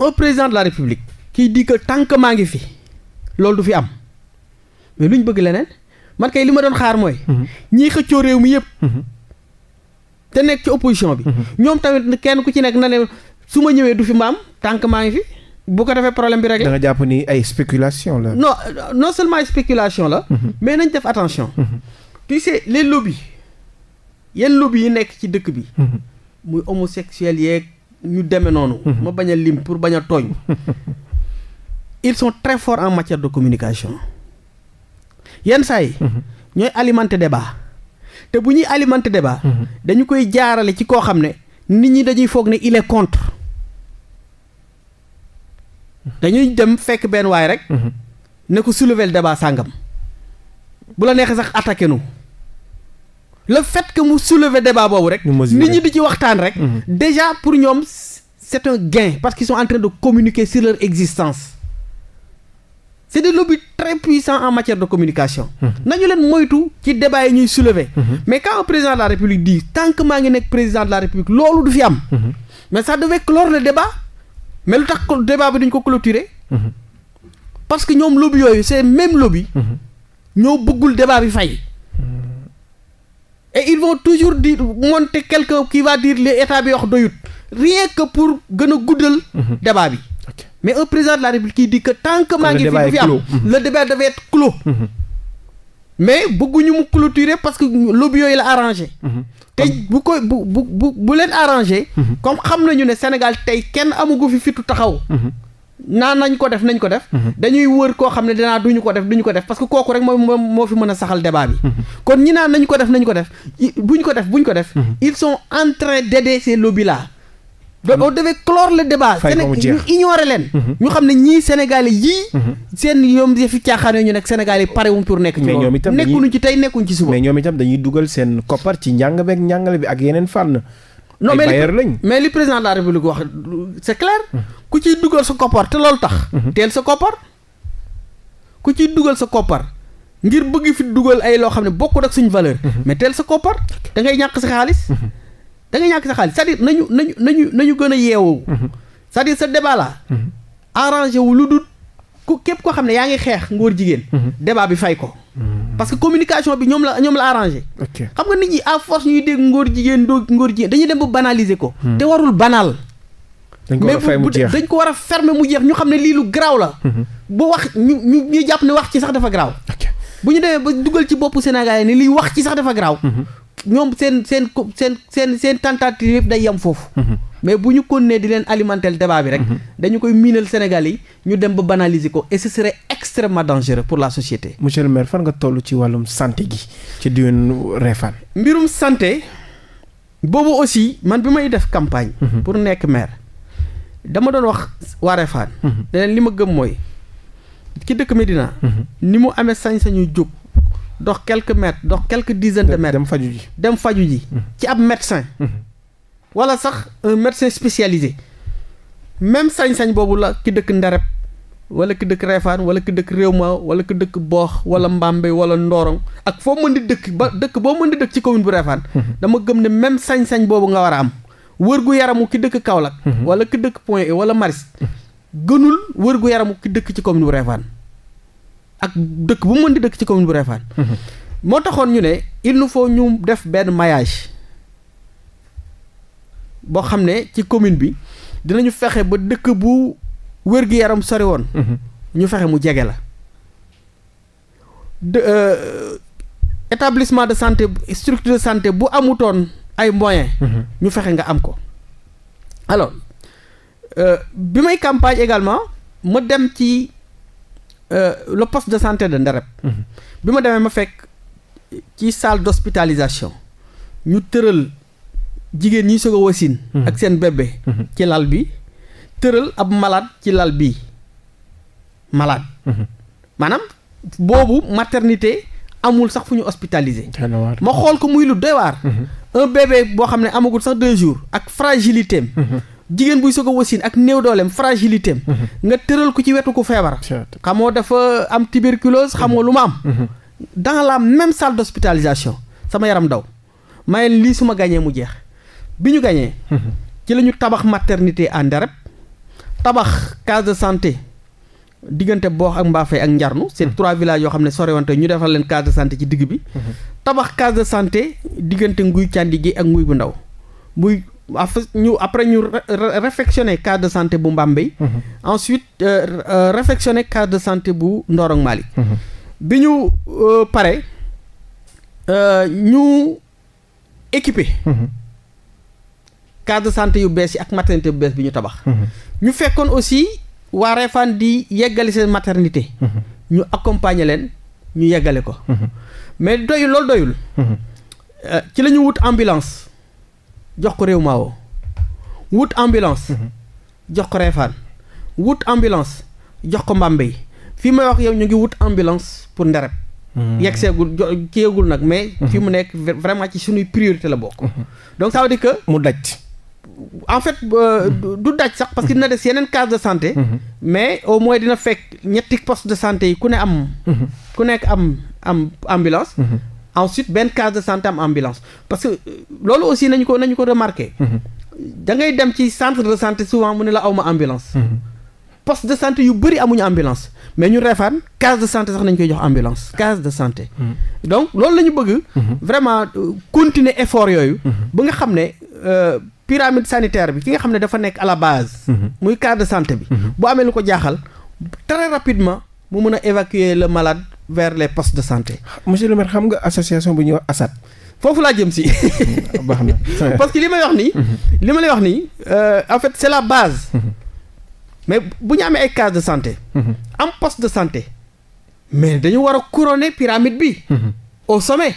un président de la république. qui dit que tant que maa ngi fi. loolu du fi am. mais lu ñu bëgg leneen. man kay li ma doon xaar mooy. ñii xëccoo réew mi yëpp. te nekk ci opposition bi. Mhm. ñoom tamit kenn ku ci nekk na ne su ma ñëwee du fi mbaam tànk maa ngi fi. bu ko defee problème bi réglé. da nga jàpp ni ay spéculation la. non no seulement ay spéculation la. Mhm. mais nañ def attention. Mhm. tu sais les lobbies yenn lobby yi nekk ci dëkk bi. muy homosexuel yeeg ñu demee noonu. ma bañ a lim pour bañ a tooñ. ils sont très forts en matière de communication. yenn saa yi. ñooy alimenter débat. te bu ñuy alimenter débat. Mhm. dañu koy jaarale ci koo xam ne nit ñi dañuy foog ne il est contre. dañuy dem fekk benn waay rek. Mhm. ne ko soulever le débat sàngam. bu la neexee sax attaqué nu. le fait que mu soulever débat boobu rek. nit ñi di ci waxtaan rek. Mhm. déjà pour ñoom c'est un gain parce qu'ils sont en train communiquer sur leur existence. c'est des lobbies très puissants en matière de communication. nañu leen moytu ci débat yi ñuy soulever. mais quand un président de la république dit tant que maa ngi nekk président de la république loolu du fi am. mais ça devait clore le débat mais lu tax débat bi duñ ko clôturer. parce que ñoom lobby yooyu c'est même lobby. ñoo bëggul débat bi fay. et ils vont toujours di monter quelqu'un qui va dire li état bi wax doyut rien que pour gën a guddal. Mhm. débat bi. mais un de la République qui dit que tant que maa ngi fi du fi am le débat devait clos mais bëgguñu mu clôturer parce que lobby yooyu la arrangé te bu ko bu bu bu bu leen arrangé mhm. comme xam nañu ne Sénégal tey kenn amugu fi fitu taxaw mhm. naan nañ ko def nañ ko def mhm. dañuy wër koo xam ne dinaa duñu ko def duñu ko def parce que kooku rek mooy moo fi mën a saxal débat bi kon ñi naan nañ ko def nañ ko def buñ ko def buñ ko def ils sont en train d'aider ces lobby là on devait clore le débat. ñu ignorer leen. Mhm. ñu xam ne ñii Sénégalais yii. Mhm. seen yoom yëfi caaxaan ñu nekk Sénégalais pare wuñ pour nekk. ci loolu nekkuñu ci tey nekkuñu ci suba. mais ñoom itam dañuy dugal seen koppar ci njàng meeg njàngale bi ak yeneen fànn. non mais li mais li président de la république wax c' est mhm. ku ciy dugal sa koppar te loolu tax. teel sa koppar. ku ciy dugal sa koppar. ngir bëgg fi dugal ay loo xam ne bokkul ak suñu valeur. mais teel sa koppar da ngay sa xaalis. da nga ñàkk sa xaalis cest nañu nañu nañu nañu gën a yeewoo. Mhm. cest sa dire ce mhm. wu lu dul ko képp koo xam ne yaa ngi xeex ngóor jigéen. Mhm. débat bi fay ko. parce que communication bi ñoom la ñoom la arrangé. xam nga nit ñi à force ñuy dégg ngóor jigéen doo ngóor jigéen dañuy dem ba banaliser ko. te warul banaal dañ ko war a fay mu jeex mais ko war a fermer mu jeex ñu xam ne lii lu garaaw la. bu wax ñu ñu ñu jàpp ne wax ci sax dafa graaw bu ñu demee ba dugal ci boppu Sénégal yi ne lii wax ci sax dafa garaaw. ñoom seen seen seen seen seen tentative day yem foofu. Mhm. mais bu ñu nee di leen alimenter le bi rek. Mhm. dañu koy miinal Sénégal yi ñu dem ba banaliser ko et ce serait pour la société. monsieur le maire fan nga tollu ci wàllum santé gi ci diwaanu Réfane. mbirum santé boobu aussi man bi may def campagne. Mhm. pour nekk maire dama doon wax waa Réfane. ne li ma gëm mooy ki dëkk Medina. ni mu amee sañ sañuy jóg. dox quelques mètres dox quelques dizaines de mètres. dem faju ji dem faju ji. Mhm. ci ab médecin. Mhm. wala sax un médecin spécialisé. même sañ-sañ boobu la ki dëkk Ndereb wala ki dëkk Réfane wala ki dëkk réew ma wala ki dëkk Boox wala Mbambe wala Ndorong ak foo mën di dëkk ba dëkk boo mën di dëkk ci commune bu Réfane. Mhm. dama gëm ne même sañ-sañ boobu nga war a am. wër gu yaramu ki dëkk Kaolack. wala ki dëkk Point E wala Maris. gënul wër gu yaramu ki dëkk ci commune bu Réfane. ak dëkk bu mën di dëkk ci commune bu Réfane mhm. moo taxoon ñu ne il nous faut ñu def benn maillage boo xam ne ci commune bi dinañu fexe ba dëkk bu wér-gi-yaram sori woon mhm. ñu fexe mu jege la de euh, établissement de santé structure de santé bu amutoon ay moyens mhm. ñu fexe nga am ko alors euh, bi may campagne également ma dem ci Euh, le poste de santé de Ndareb mhm. bi ma demee ma fekk ci salle d'hospitalisation ñu tëral jigéen ñi soog wasin mhm. ak seen bébé mhm. ci lal bi tëral ab malade ci lal bi malade maanaam boobu maternité amul sax fu ñu hospitalisé ma xool ko muy lu doy waar un bébé boo xam ne amagul sax deux jours ak fragilité am jigéen buy soog a wasin ak néew dooleem fragilité mhm. nga tëral ko ci wetu ku feebar xamoo dafa am tuberculose mhm. xamoo lu ma am mhm. dans la même salle d'hospitalisation sama yaram daw maye lii su ma gañee mu jeex bi ñu gañee ci lañu tabax maternité à Ndereb tabax case de santé diggante boox ak Mbaafay ak Njarnu c'est trois villages yoo xam ne sorewante ñu defal leen case de santé ci digg bi tabax case de santé diggante nguy càndi gi ak nguy bu ndaw fa ñu après ñu réfectionner carte de santé bu Mbambey mm-hmm. ensuite euh, euh, réfectionner carte de santé bu Ndorong Malick mm-hmm. bi ñu euh, pare ñu équipé mm-hmm. case de santé yu bees yi ak maternité bu bees bi ñu tabax ñu fekkoon aussi waa Refane di yeggali seen maternité ñu accompagner leen ñu yeggale ko mais doyul loolu doyul ci la ñu wut ambulance jox ko réew maawo mhm. wut ambulance jox ko reefaan wut ambulance jox ko Mbambey fii may wax yow ñu ngi wut ambulance pour ndereb mhm. yegg seegul kiyeegul nag mais mhm. fi mu nekk vraiment ci suñuy priorité la bokk donc ça veut dire que mu daj en fait euh, du daj sax parce que dina des yeneen case de santé mais au moins dina fekk ñetti poste de santé yi ku ne am ku nekk am am ambulance ensuite benn case de santé am ambulance parce que euh, loolu aussi nañu ko nañu ko remarqué. Mhm. da ngay dem ci centre de santé souvent mu ne la awma ambulance. Mhm. poste de santé yu bëri amuñu ambulance mais ñu Réfane case de santé sax nañ koy jox ambulance case de santé. Mhm. donc loolu la ñu bëgg. vraiment euh, continuer effort yooyu. ba nga xam ne. Euh, pyramide sanitaire bi ki nga xam ne dafa nekk à la base. muy case de santé bi. bu amee lu ko jaaxal très rapidement mu mën a évacuer le malade. vers les postes de santé. monsieur le xam nga association bu ñu wax foofu laa jëm si. baax na parce que li may wax nii. li ma lay wax nii euh, en fait c'est la base. mais bu ñu amee ay case de santé. am poste de santé. mais dañu war a couronner pyramide bi. au sommet.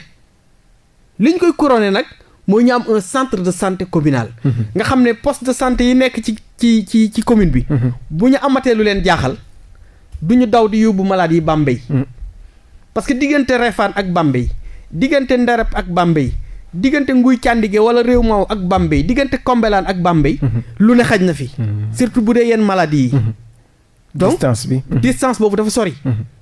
li ñu koy couronner nag mooy ñu am centre de santé communal. nga xam ne poste de santé yi nekk ci ci ci ci commune bi. bu ñu amatee lu leen jaaxal du ñu daw di yóbbu malade yi parce que diggante Refane ak Bambey diggante Ndarab ak Bambey diggante nguy càndige wala réew maaw ak Bambey diggante Kombelaan ak Bambey. Mhm. lu ne xaj na fi. Mhm. surtout bu dee yenn maladie yi. Mhm. donc sance bi. distance boobu dafa sori.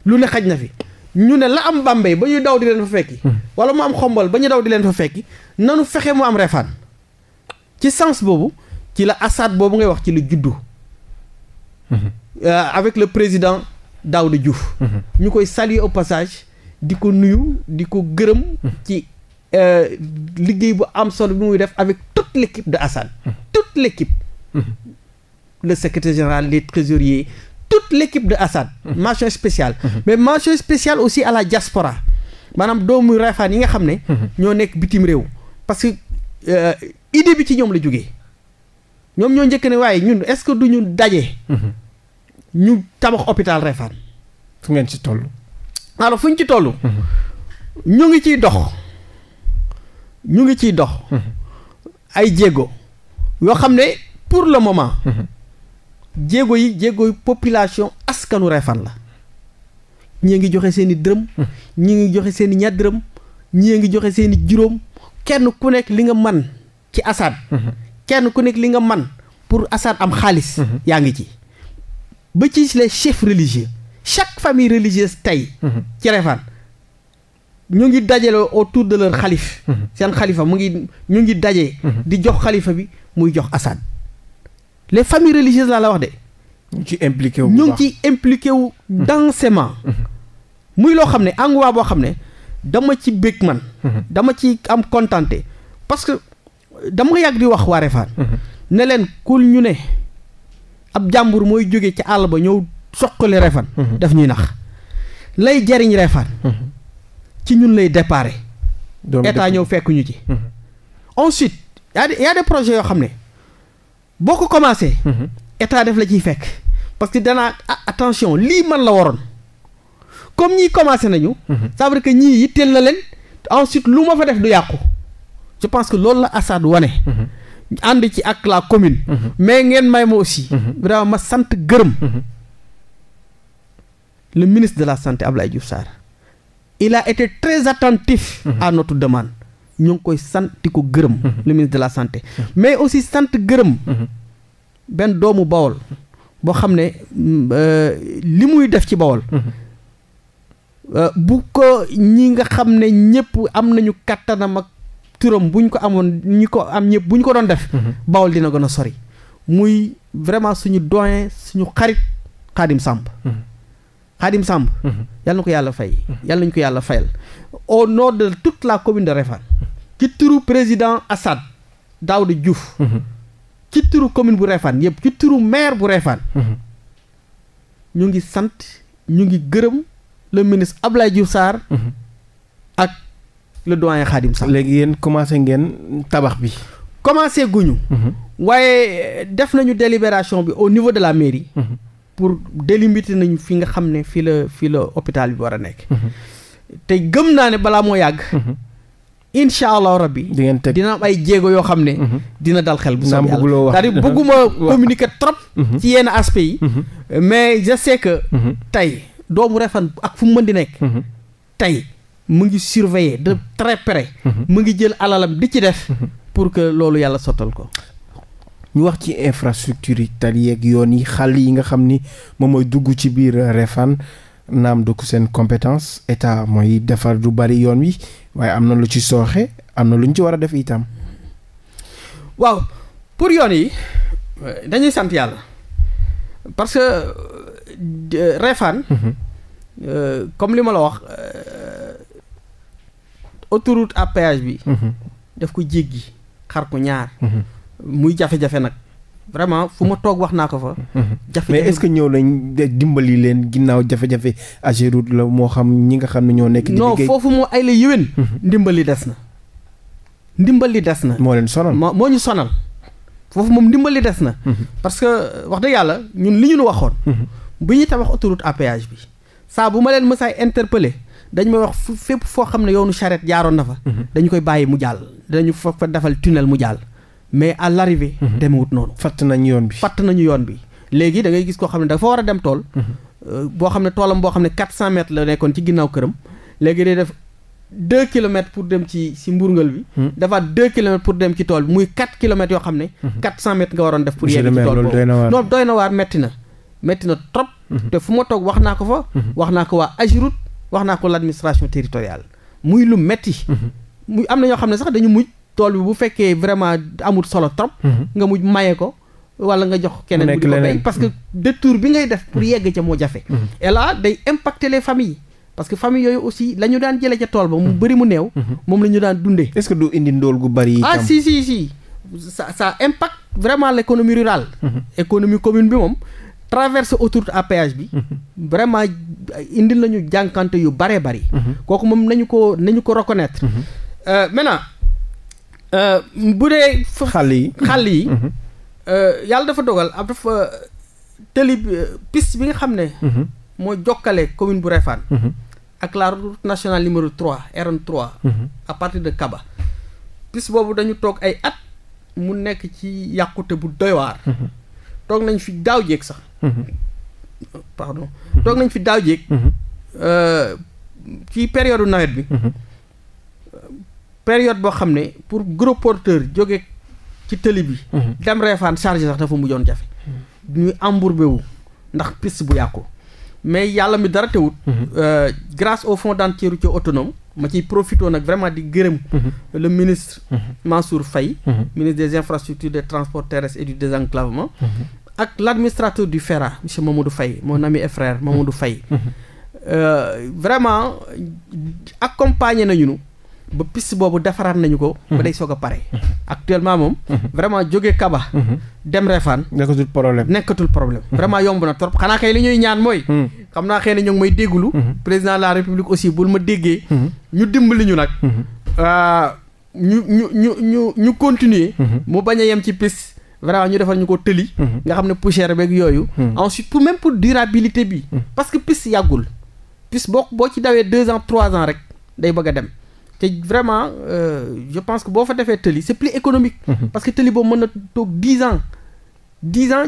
lu ne xaj na fi. ñu ne la am Bambey ba ñu daw di leen fa fekki. wala mu am xombal ba ñu daw di leen fa fekki nanu fexe mu am Refane ci sens boobu ci la Assad boobu ngay wax ci lu juddu. Euh, avec le président Daouda Diouf. ñu koy saluer au passage. di ko nuyu di ko gërëm hmm. ci euh, liggéey bu am solo bi muy def avec toute l'équipe de Assane hmm. toute l'équipe hmm. le secrétaire général les trésoriers toute l'équipe de Assane mention spéciale mais mention spéciale aussi à la jaspora maanaam doomu Refane yi nga xam ne ñoo nekk bitim réew parce que euh, idée bi ci ñoom la jógee ñoom ñoo njëkk ne waaye ñun est-ce que duñu daje ñu tabax hôpital Refane fu ngeen ci toll alors fu ñu ci toll. ñu ngi ciy dox ñu ngi ciy dox. ay jéego yoo xam ne pour le moment. jéego yi jéego yi population askanu Refane la ñii ngi joxe seen i dërëm. ñii ngi joxe seen i ñaar dërëm. ñii ngi joxe seen i juróom kenn ku nekk li nga man ci Assane. kenn ku nekk li nga man pour Assane am xaalis. yaa ngi ci ba ci les chef religieux. chaque famille religieuse tey. ci Refane ñu ngi dajale autour de leur xalif. seen xalifa mu ngi ñu ngi daje. di jox xalifa bi muy jox Assane. les famille religieuses laa la wax de. ñu ngi ci impliqué wu ñu ngi ci impliqué wu densément. muy loo xam ne engouement boo xam ne dama ci bëgg man. dama ci am contenté parce que dama yàgg di wax waa Refane. ne leen ku ñu ne ab jàmbur mooy jóge ci àll ba ñëw. soqali refan mhm. def ñuy nax lay jariñ refan mhm. ci ñun lay déparé état ñëw fekk ñu ci mhm. ensuite y a des y a yoo xam ne boo ko commencé état def la ciy fekk parce que danaa attention lii man la waroon comme ñii commencé nañu ça veut que ñii yitteel na leen ensuite lu ma fa def du yàqu je pense que loolu la Assad wane ànd ci ak la commune mais ngeen may ma aussi vraiment ma sant gërëm le ministre de la santé Abdoulaye Diouf Sarr il a été très attentif. Mmh. à demande ñu ngi koy sant di ko gërëm. Mhm. le ministre de la santé. mais aussi sant gërëm. Mhm. benn doomu Bawol. boo xam ne mm, euh, li muy def ci Bawol. Mhm. Euh, bu ko ñi nga xam ne ñëpp am nañu kattanam ak turam bu ñu ko amoon ñi ko am ñëpp bu ñu ko doon def. Bawol dina gën a sori. muy vraiment suñu doyen suñu xarit Xaadim Samb. Khadim Samb. Mhm. yàlla na ko yàlla fay. Mhm. yàlla nañu ko yàlla fayal. au nom de toute la commune de Réfane. ci turu président Assad Daouda Diouf. Mhm. ci turu commune bu Réfane yëpp ci turu maire bu Réfane. ñu ngi sant ñu ngi gërëm le ministre Abdoulaye Diouf Sarr. ak le doyen Khadim Samb. léegi yéen commencé ngeen tabax bi. commencé guñu. waaye def nañu délibération bi au niveau de la mairie. pour délimiter nañu fi nga xam ne fii la fii la hôpital bi war a nekk. Mhm. te gëm naa ne balaa moo yàgg. Mhm. incha allah rabbi dina am ay jéego yoo xam ne. Mhm. dina dal xel bu soobee yàlla c'est-à-dire bëgguma communiquer trop. ci yenn aspects yi. mais je sais que. tey doomu Refane ak fu mu mën di nekk. tey mu ngi surveiller de très près. mu ngi jël alalam di ci def. pour que loolu yàlla sottal ko. ñu wax ci infrastructure yi tali yeeg yoon yi xàll yi nga xam ni moom mooy dugg ci biir Refane naam du ko seen compétence état mooy defar du bari yoon wi waaye am na lu ci sooxe am na lu ñu ci war a def itam. waaw pour yoon yi dañuy sant yàlla parce que Refane. Mhm. Euh, comme li ma la wax euh, autoroute à péage bi. Mhm. def ko jéggi xar ko ñaar. Mhm. muy jafe-jafe nag vraiment fu ma toog wax naa ko fa. jafe est-ce que ñëw nañ de dimbali leen ginnaaw jafe-jafe Ageroute la moo xam ñi nga xam ne ñoo nekk. di liggéey non foofu moo ay mm-hmm. des na. ndimbali des na. moo leen sonal moo moo ñu sonal. foofu moom ndimbali des na. Mm-hmm. parce que wax dëgg yàlla ñun li ñu waxoon. Mm-hmm. bu ñuy tabax autoroute à péage bi saa bu ma leen mësaay interpellé dañ ma wax fépp foo xam ne yoonu charrette jaaroon na fa. dañu koy bàyyi mu jàll. dañu fa defal tunnel mu jàll. mais à l'arrivée mhm. demewut noonu fatt nañu yoon bi fatt nañu yoon bi léegi da ngay gis koo xam ne dafa war a dem tool mhm. euh, boo xam ne toolam boo xam ne quatre cent mètres la nekkoon ci ginnaaw këram léegi day def deux kilomètres pour dem ci si mburngal bi mhm. dafa deux kilomètres pour dem ci tool bi muy quatre kilomètres yoo xam ne quatre cent mètres nga waroon def pour yegg ci tool boobu loolu doy na waar metti na metti na trop te fu ma toog wax naa ko fa wax naa ko waa AGEROUTE wax naa ko l'administration territoriale muy lu metti am na ñoo xam ne sax dañu mujj tool bi bu fekkee vraiment amul solo trop. Mhm. nga mujj maye ko. wala nga jox keneen bu di ko bay parce que détour bi ngay def pour mhm. yegg ca moo jafe. Mhm. et day impacte les familles. parce que famille yooyu aussi lañu daan jëlee ca tool ba mu bëri mu néew. moom la ñu daan dundee. est-ce que du indi ndóol gu bari. ah si si si ça ça impacte vraiment l'économie rurale. économie commune bi moom. traverse autoroute à péage bi. vraiment indi nañu jànkante yu baree bari. kooku moom nañu ko nañu ko reconnaître. Euh, Euh, bu dee. xàll yi xàll yi. Mm-hmm. Euh, yàlla dafa dogal ab dafa euh, tëli piste bi nga xam ne. Mm-hmm. moo jokkale commune bu Refane. Mm-hmm. ak la route nationale numéro trois RN trois à partir de Kaba. piste boobu dañu toog ay at mu nekk ci yàqute bu doy toog nañ fi daaw jéeg sax. toog nañ fi daaw jéeg. ci période nawet bi. période boo xam ne pour gros porteur joge ci tëli bi. Mhm. dem reefaan chargé sax dafa mujjoon jafe. Mhm. ñuy embourbé wu ndax piste bu yàqu. mais yàlla mi dara teewut. Mhm. Euh, grâce au fonds d'entretien routier autonome. ma ci profité nag vraiment di gërëm. le ministre. Mansour Faye. ministre des infrastructures des transports terrestres et du désenclavement. ak l' administrateur du FERA monsieur Mamadou Faye mon ami et frère Mamadou Faye. Euh, vraiment accompagné nañu ba piste boobu defaraat nañu ko. ba day soog a pare. actuellement moom. vraiment jóge Kaba. dem Refane. nekkatul problème nekkatul problème. vraiment yomb na trop xanaa kay li ñuy ñaan mooy. Hmm. xam naa xëy na ñoo ngi may dégglu. Hmm. président la république aussi bul ma déggee. Hmm. ñu dimbali ñu nag. Euh, ñu ñu ñu ñu ñu continuer. mu bañ a yem ci piste. vraiment ñu defal ñu ko tëli. nga xam ne poussière beeg yooyu. ensuite pour même pour durabilité bi. parce que piste yàggul. piste boo boo ci dawee deux ans trois ans day bëgg a dem. te vraiment euh, je pense que boo fa defee tëli c'est plus économique. Mhm. parce que tëli boobu mën na toog dix ans. dix ans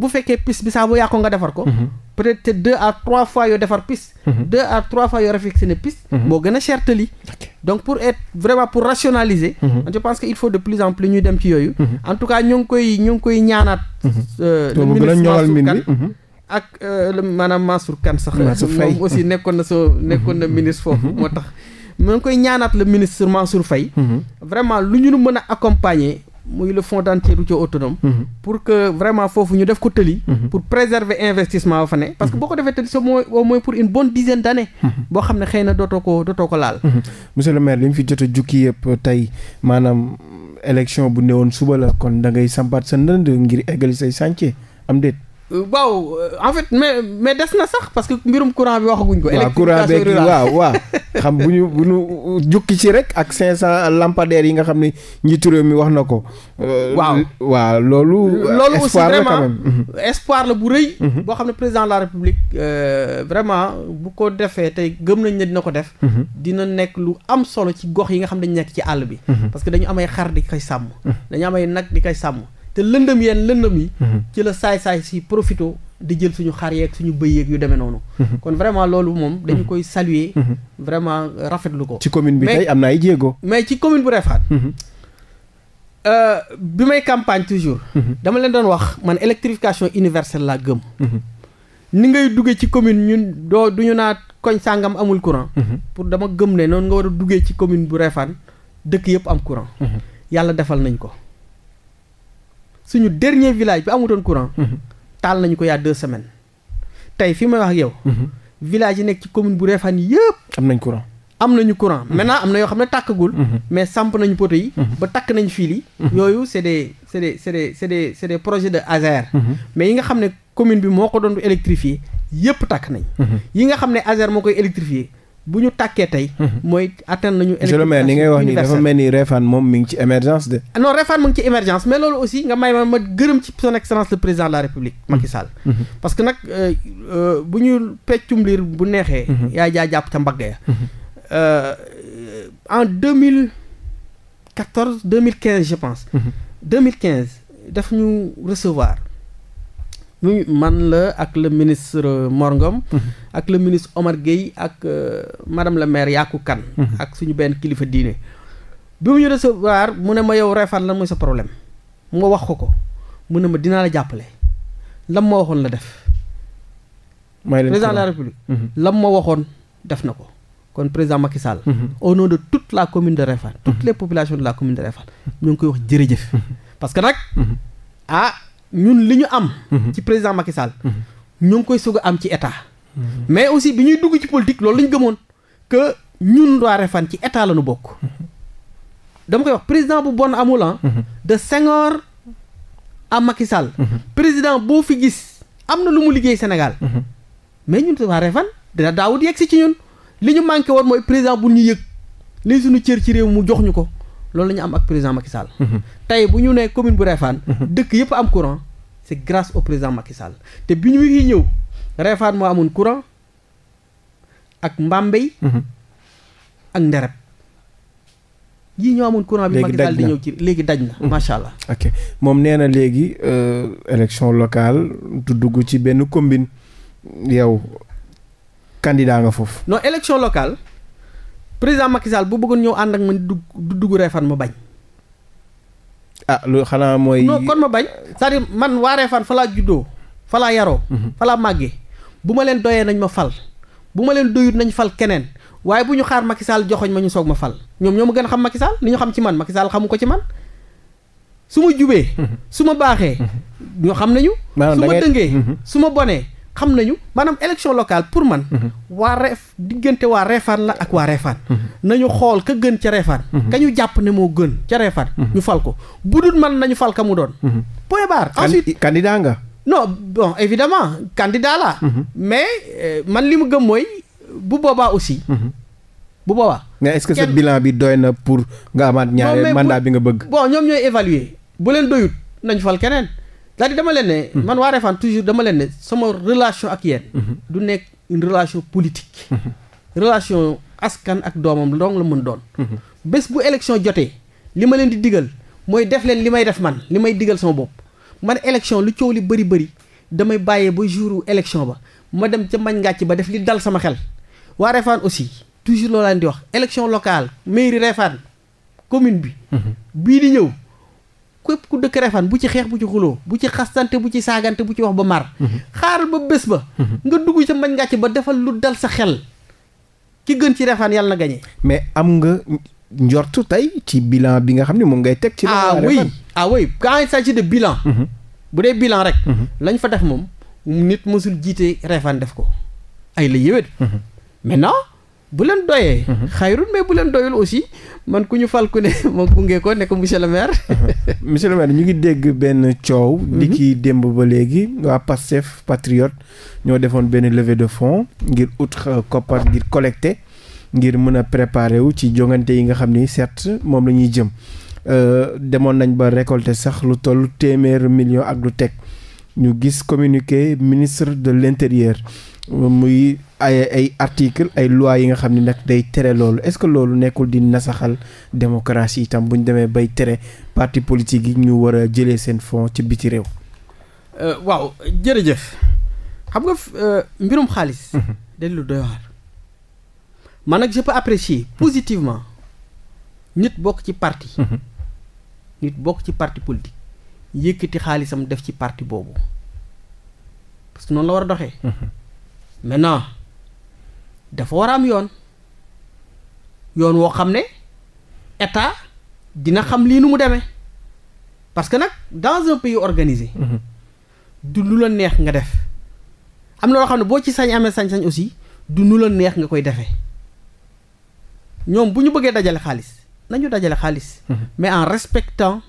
bu fekkee piste bi sax boo yàqoo nga defar ko. Mhm. peut-être deux à trois fois yoo defar piste. Mhm. deux à trois fois yoo réfectionné piste. moo gën a cher tëli. donc pour être vraiment pour rationaliser. je pense que il faut de plus en plus ñuy dem ci yooyu. en tout cas ñu ngi koy ñu ngi koy ñaanaat. Euh, le ministre ak euh, maanaam Mansour Kane sax. moom aussi nekkoon na soo nekkoon na ministre foofu moo tax. ma ngi koy ñaanaat ministrement su Mansour Faye mhm. vraiment lu ñu mën a accompagner mooy le fonds d'entretien routier autonome mhm. pour que vraiment foofu ñu def ko tëli mhm. pour préserver investissement ba fa ne parce que boo ko defee tëli c'est au moins pour une bonne dizaine d'années boo xam ne xëy na dootoo ko dootoo ko laal monsieur le maire li mu fi jot a jukki yëpp tey maanaam élection bu woon suba la kon da ngay sampaat sa ndënd ngir eggali say chantier am déet waaw en fait mais mais des na sax parce que mbirum courant bi waxaguñ ko. électrification rurale waaw waa xam bu ñu bu ñu jukki ci rek ak 500 lampadeer yi nga xam ne njiitu réew mi wax na ko. Euh, waaw waaw loolu. loolu aussi vraiment mhm. espoir la bu rëy. Mhm. boo xam ne président de la république euh, vraiment bu ko defee tey gëm nañ ne dina ko def. Mhm. dina nekk lu am solo ci gox yi nga xam dañ nekk ci àll bi. parce que dañu amay xar di koy sàmm. dañu amay nag di koy sàmm. te lëndëm yenn lëndëm yi. Mhm. ci la saay-saay si profito di jël suñu xar yeeg suñu bëy yeeg yu demee noonu. Mhm. kon vraiment loolu moom dañu mhm. koy saluer. vraiment rafetlu ko. ci commune bi tey am na ay jéego. mais ci commune bu Refane. Euh, bi may campagne toujours. dama leen doon wax man électrification universelle laa gëm. ni ngay duggee ci commune ñun doo duñu naa koñ sàngam amul courant. pour dama gëm ne noonu nga war a duggee ci commune bu Refane dëkk yëpp am courant. yàlla defal nañ ko. suñu dernier village bi amutoon courant. Mhm. taal nañu ko yaa deux semaines. tey fi may wax yow. Mhm. village yi nekk ci commune bu Réfane yëpp. am nañ courant. am nañu courant mhm. maintenant am na yoo xam ne tàkkagul. mais samp nañu poto yi. ba takk nañu fil yi. yooyu c' est des c' est des c' de ASER. mais yi nga xam ne commune bi moo ko doon électrifier yëpp takk nañ. yi nga xam ne ASER moo koy électrifier. bu ñu tàkkee tey. Mhm. mooy atteindre nañu. électrification universelle ngay wax nii dafa mel ni Refane moom mi ngi ci émergence de. Ah non Refane mu ngi ci émergence mais loolu aussi nga may ma ma gërëm ci son excellence le président de la république. Mhm. Macky Sall. Mhm. parce que nag euh, euh, bu ñu peccum liir bu neexee. yaa jaa jàpp ca mbagg ya. Euh, en deux mille quatorze deux mille quinze je pense. deux mille quinze daf ñu recevoir. muy man la ak le ministre Mor mm-hmm. ak le ministre Omar Gueye ak euh, madame la maire Yaku Kan mm-hmm. ak suñu benn kilifa diine bi mu ñu recevoir mu ne ma yow Réfane lan mooy sa problème ma wax ko ko mu ne ma dinaa la jàppale lam ma waxoon la def président de la république mm-hmm. lam ma waxoon def na ko kon président Macky Sall au nom de toute la commune de Réfane toutes les populations de la commune de Réfane ñu ngi koy wax jërëjëf parce nag ah, ñun li ñu am. Mhm. ci président Macky Sall. Mhm. ñu ngi koy soog a am ci état. Mhm. mais aussi bi ñuy dugg ci politique loolu la ñu gëmoon que ñun waa Refane ci état la ñu bokk. dama koy wax président bu bon amul ah. de Senghor à Macky Sall. président boo fi gis am na lu mu liggéey Sénégal. mais ñun waa Refane dina daawut yegg si ci ñun li ñu manqué woon mooy président bu ñu yëg li sunu cër ci réew mu jox ñu ko. loolu la ñu am ak président Macky Sall. Mhm. tey bu ñu nee commune bu Réfane. Mhm. dëkk yëpp am courant. c' est grâce au président Macky te bi ñu ngi ñëw Réfane moo amoon courant ak mbaam Mbambey. Mhm. ak Ndereb. yii ñoo amoon courant bi Macky Sall di ñëw ci léegi daj na macha allah. ok moom nee na léegi euh, élection locale du dugg ci benn combine yow candidat nga foofu. non élection locale. président makisaal Sall bu bëggoon ñëw ànd ak man du dugg ma bañ. Ah, loo xanaa mooy. non kon ma bañ cest à man waa Réfane falaa laa juddoo fa laa yaroo. Mhm. fa màggee bu ma leen doyee nañ ma fal bu ma leen doyut nañ fal keneen. waaye bu ñu xaar Macky Sall joxoñ ma ñu soog ma fal ñoom ñoo ma gën a xam Macky Sall li ñu xam ci man Macky xamu ko ci man su ma jubee mhm. su ma baaxee mhm. ñoo xam nañu su ma dëngee su ma bonee xam nañu maanaam élection locale pour man. Mhm. waa reef diggante waa reefaan la ak waa reefaan. Mhm. nañu xool ka gën ca reefaan. Mhm. ka ñu jàpp ne moo gën ca reefaan. ñu fal ko bu man nañu fal ka mu doon. point barre ensuite candidat nga. non bon évidemment candidat la. mais euh, man li mu gëm mooy bu boobaa aussi. bu boobaa. mais est-ce que sa bilan bi doy na pour nga amaat ñaare mandat bi nga bëgg. bon ñoom ñooy évaluer bu leen doyut nañu fal keneen. cest à dama leen ne. Hmm. man waa toujours dama leen ne sama relation ak yéen. Hmm. du nekk une relation politique. Hmm. relation askan ak doomam dong la mën doon. bés bu élection jotee li ma leen di digal mooy def leen li may def man li may digal sama bopp man élection lu coow li bëri bëri damay bàyyee ba jour élection ba ma dem ca mañ ngàcc ba def li dal sama xel waa aussi toujours loolu laan di wax élection locale mairie Réfane commune bi. bii di ñëw. képp ku dëkk refaan bu ci xeex bu ci xuloo bu ci xastante bu ci saagante bu ci wax ba mar mhm. xaaral ba bés ba mhm. nga dugg sa mbañ ngàcc ba defal lu dal sa xel ki gën ci refaan yàlla na gañe mais am nga njort tey ci bilan bi nga xam ne moom ngay teg ci ah, ah oui ah oui bilan mhm. bu dee bilan rek lañ fa def moom nit mësul jiite refaan def ko ay la yëwét maintenant bu leen doyee. Mhm. xayrun mais bu leen doyul aussi man ku ñu fal ku ne ma gunge ko ne ko monsieur le maire. monsieur le maire ñu ngi dégg benn coow. di mhm. ki démb ba léegi waa Pastef Patriote ñoo defoon benn levée de fonds ngir ut euh, koppar ngir collecté ngir mën a préparer wu ci jongante yi nga xam ni certes moom la ñuy jëm euh, demoon nañ ba récolter sax lu toll téeméer million ak lu teg ñu gis communiqué ministre de l'intérieur euh, muy. ay ay article ay loi yi nga xam ne nag day tere loolu est-ce que loolu nekkul di nasaxal démocratie itam bu ñu demee bay tere parti politique yi ñu war a jëlee seen fonds ci biti réew. Euh, waaw jërëjëf xam nga euh, mbirum xaalis. Mhm. dañ lu doy waar. man nag je apprécier positivement nit bokk ci parti. Mhm. nit bokk ci parti politique yëkkati xaalisam def ci parti boobu parce que noonu la war a doxee. Mhm. maintenant dafa war am yoon yoon woo xam ne état dina xam lii nu mu demee parce que nag dans un pays organisé. Mhm. du la neex nga def. am na loo xam ne boo ci sañ amee sañ-sañ aussi du nu la neex nga koy defee ñoom bu ñu bëggee dajale xaalis nañu dajale xaalis. Mhm. mais en respectant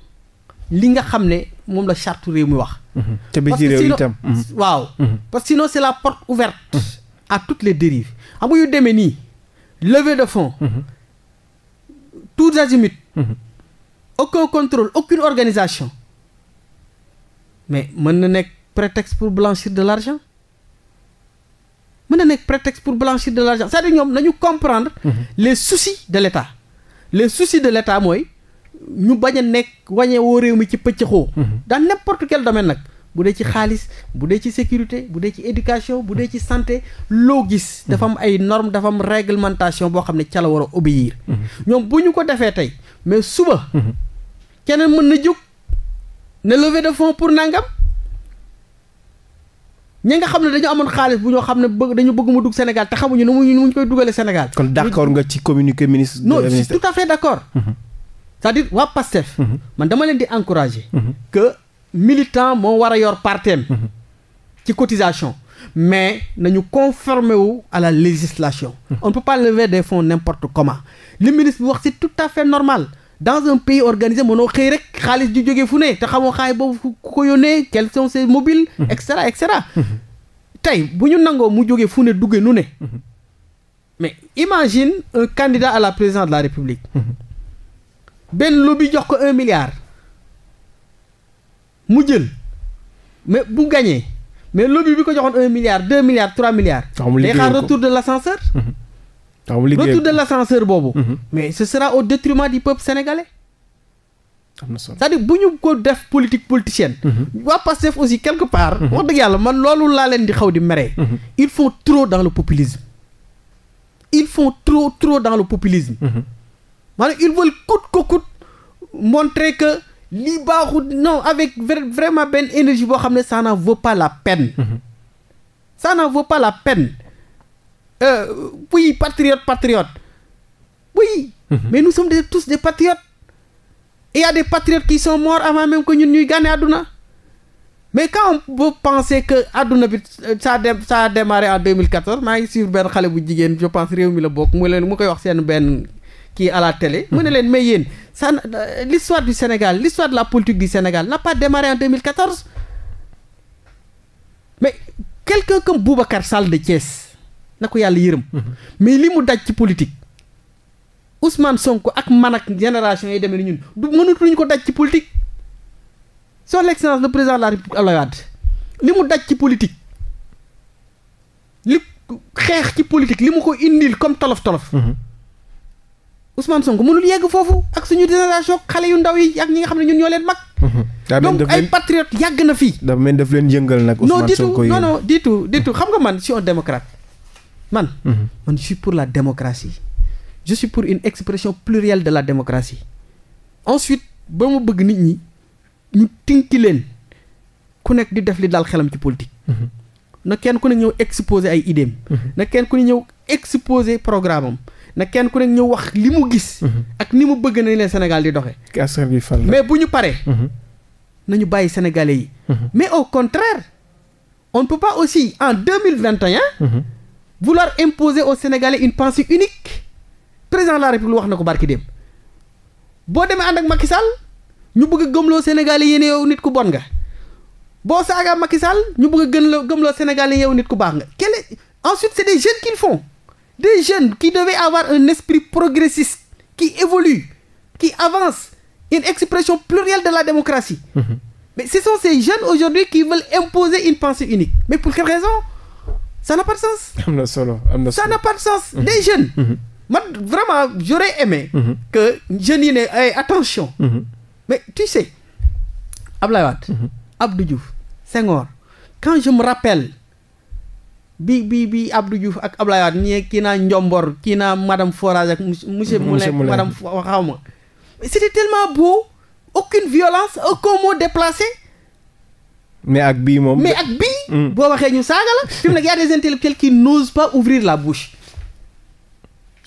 li nga xam ne moom la charte réew mi wax. Mhm. te bi ci itam waaw. parce que sinon c'est la porte ouverte. à toutes les dérives am nga yu demee nii levée de fonds. Mhm. tous azimuts. Mhm. aucun contrôle aucune organisation mais mën na nekk prétexte pour blanchir de l'argent mën na nekk prétexte pour blanchir de l'argent c'est-à-dire ñoom ñu comprendre mhm. les soucis de l'État les soucis de l'État mooy ñu bañ a nekk wañee woo réew mi ci pëccëxoo dans n'importe quel domaine nag bu dee ci xaalis bu dee ci sécurité bu dee ci éducation bu dee ci santé loo gis dafa am ay normes dafa am réglementation boo xam ne ca la war a obéir mhm. ñoom bu ñu ko defee tey mais suba mhm. keneen mën na jóg ne levée de fonds pour nangam ñi nga xam ne dañu amoon xaalis bu ñoo xam ne bëgg dañu bëgg mu dugg Sénégal te xamuñu nu mu nu koy dugalee Sénégal. kon d' nga ci communiqué ministre. non je suis tout à fait d' accord. Mhm. c' est à waa PASTEF. man dama leen di encourager. militant moo war a yor parteem mhm. ci cotisation mais nañu conformer wu à la législation mhm. on ne pas lever des fonds n'importe comment li ministre bi wax c'est tout à fait normal dans un pays organisé mënoo xëy rek xaalis ju jóge fu ne te xamoo xaalis boobu ku ko yónnee quels se ses mobiles mhm. et cetera et cetera tey bu ñu nangoo mu jógee fu ne duggee nu ne mais imagine un candidat à la président de la république benn lobby jox ko un milliard mu jël mais bu gañee mais lobby bi ko joxoon un milliard deux milliards trois milliards. Ah, day xaar retour de l' ascenseur. Ah, retour de la ascenseur boobu. Mm-hmm. mais ce sera au détriment du peuple sénégalais. am na solo c'est-à-dire bu ñu ko def politique politicienne. Mm-hmm. waa Pastef aussi quelque part. Mm-hmm. wax dëgg yàlla man loolu laa leen di xaw di mere. ils font trop dans le populisme. ils font trop trop dans le populisme. maanaam ils veulent coûte que coûte montrer que. lii baaxul non avec vraiment benn énergie boo xam ne saana n'en vaut pas la peine. ça n'en vaut pas la peine mhm. euh, oui patriote patriote oui. Mhm. mais nous sommes tous de patriotes. il y a des patriotes qui sont morts ko ñun ñuy gànne àdduna. mais quand on peut penser que àdduna bi euh, ça dem ça a démarré en 2014 maa ngi suivre benn xale bu jigéen je pense réew mi la bokk mu leen mu koy wax seen benn kii est à la télé. mu mhm. ne leen mais yéen ça euh, l'histoire du Sénégal l'histoire de la politique du Sénégal n'a pas démarré en 2014 mais quelqu'un comme Boubacar Sall de Thiès na ko yàlla yërëm. Mhm. mais li mu daj ci politique Ousmane Sonko ak man ak génération yi demee ni ñun du mënatuñu ko daj ci politique. son excellence le président de la république Abdoulaye Wade li mu daj ci politique li xeex ci politique li mu ko indil comme tolof tolof. Mhm. Ousmane Sonko mënul yegg foofu ak suñu génération xale yu ndaw yi ak ñi nga xam ne ñun ñoo leen mag. Mhm. donc ay patriote yàgg na fii. dafa mel daf leen yëngal nag. Ousmane Sonko non non du tout du xam nga man je suis un démocrate man. Mhm. man je pour la démocratie. je pour une expression plurielle de la démocratie. ensuite ba mu bëgg nit ñi ñu tinki leen ku nekk di def li daal xelam ci politique. Mhm. na kenn ku ne ñëw exposer ay idéem na kenn ku ne ñëw exposer programme na kenn ku nekk ñëw wax li mu gis. Mhm. ak ni mu bëgg na leen Sénégal di doxee. mais bu ñu paree. Mhm. nañu bàyyi sénégalais yi. Mhm. mais au contraire on ne aussi en deux mille vingt et un vouloir imposer aux sénégalais une pensée unique président de la république wax na ko barki dem boo demee ànd ak Macky ñu bëgg a gëmloo sénégalais yéen yow nit ku bon nga boo saaga Macky Sall ñu bëgg a gën la gëmloo sénégalais yow nit ku baax nga. quel est ensuite c'est des jeunes qui le Des jeunes qui devaient avoir un esprit progressiste, qui évolue, qui avance, une expression plurielle de la démocratie. Mmh. Mais ce sont ces jeunes aujourd'hui qui veulent imposer une pensée unique. Mais pour quelle raison Ça n'a pas de sens. ça n'a pas de sens. Mhm. Des jeunes. Moi, mhm. vraiment, j'aurais aimé mhm. que jeunes yi ne eh, attention. Mais tu sais, Ablaye Wade, Abdou Diouf, Senghor, quand je me rappelle bii bii bii Abdou Diouf ak Abdoulaye Wade ñii kii naa Ndiombor kii naa madame Forage ak monsieur Moulin madame xaw ma c'était tellement beau aucune violence aucun mot déplacé mais ak bii moom mais ak bii hmm. boo waxee ñu saaga la fi mu nekk y a des intellectuels qui n'osent pas la bouche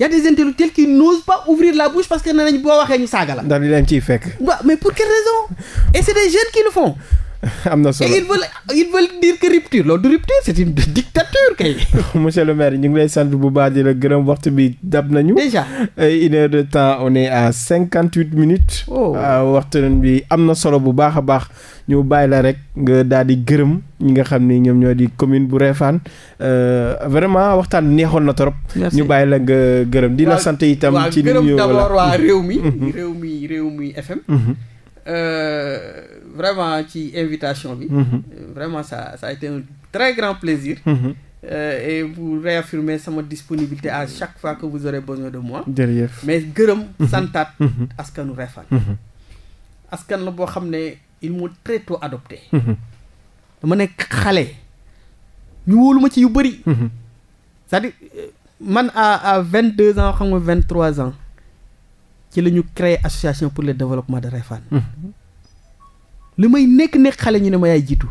y a des intellectuels qui pas ouvrir la bouche parce que nee nañ boo waxee ñu saaga la ndax di leen ciy fekk waaw mais pour quelle raison et c'est des jeunes qui le font am na solo et du rupture c'est une dictature kay. monsieur ñu ngi lay sant bu baax la gërëm waxtu bi dab nañu. déjà euh, une de temps on est cinquante huit minutes. Oh. Euh, waxtu bi am na solo bu baax a baax ñu bàyyi la rek nga daal di gërëm ñi nga xam ni ñoom ñoo di commune bu Réfane euh, vraiment waxtaan neexoon na trop. ñu bàyyi la nga gërëm di la sant itam. ci li ñu gërëm waa réew mi réew mi FM. vraiment ci invitation bi. Mhm. vraiment ça ça a été un mhm. euh, sama disponibilité à chaque fois que vous aurez besoin de moi. jërëjëf mais gërëm. Mhm. santaat askanu Refane. askan la boo xam ne il m'ont très tôt adopté. dama nekk xale. ñu wóolu ma ci yu bëri. c'est-à-dire euh, man à à vingt deux ans xam nga vingt trois ans ci la ñu créé association pour le développement de Refane. li may nekk nekk xale ñu ne ma yaay jiitu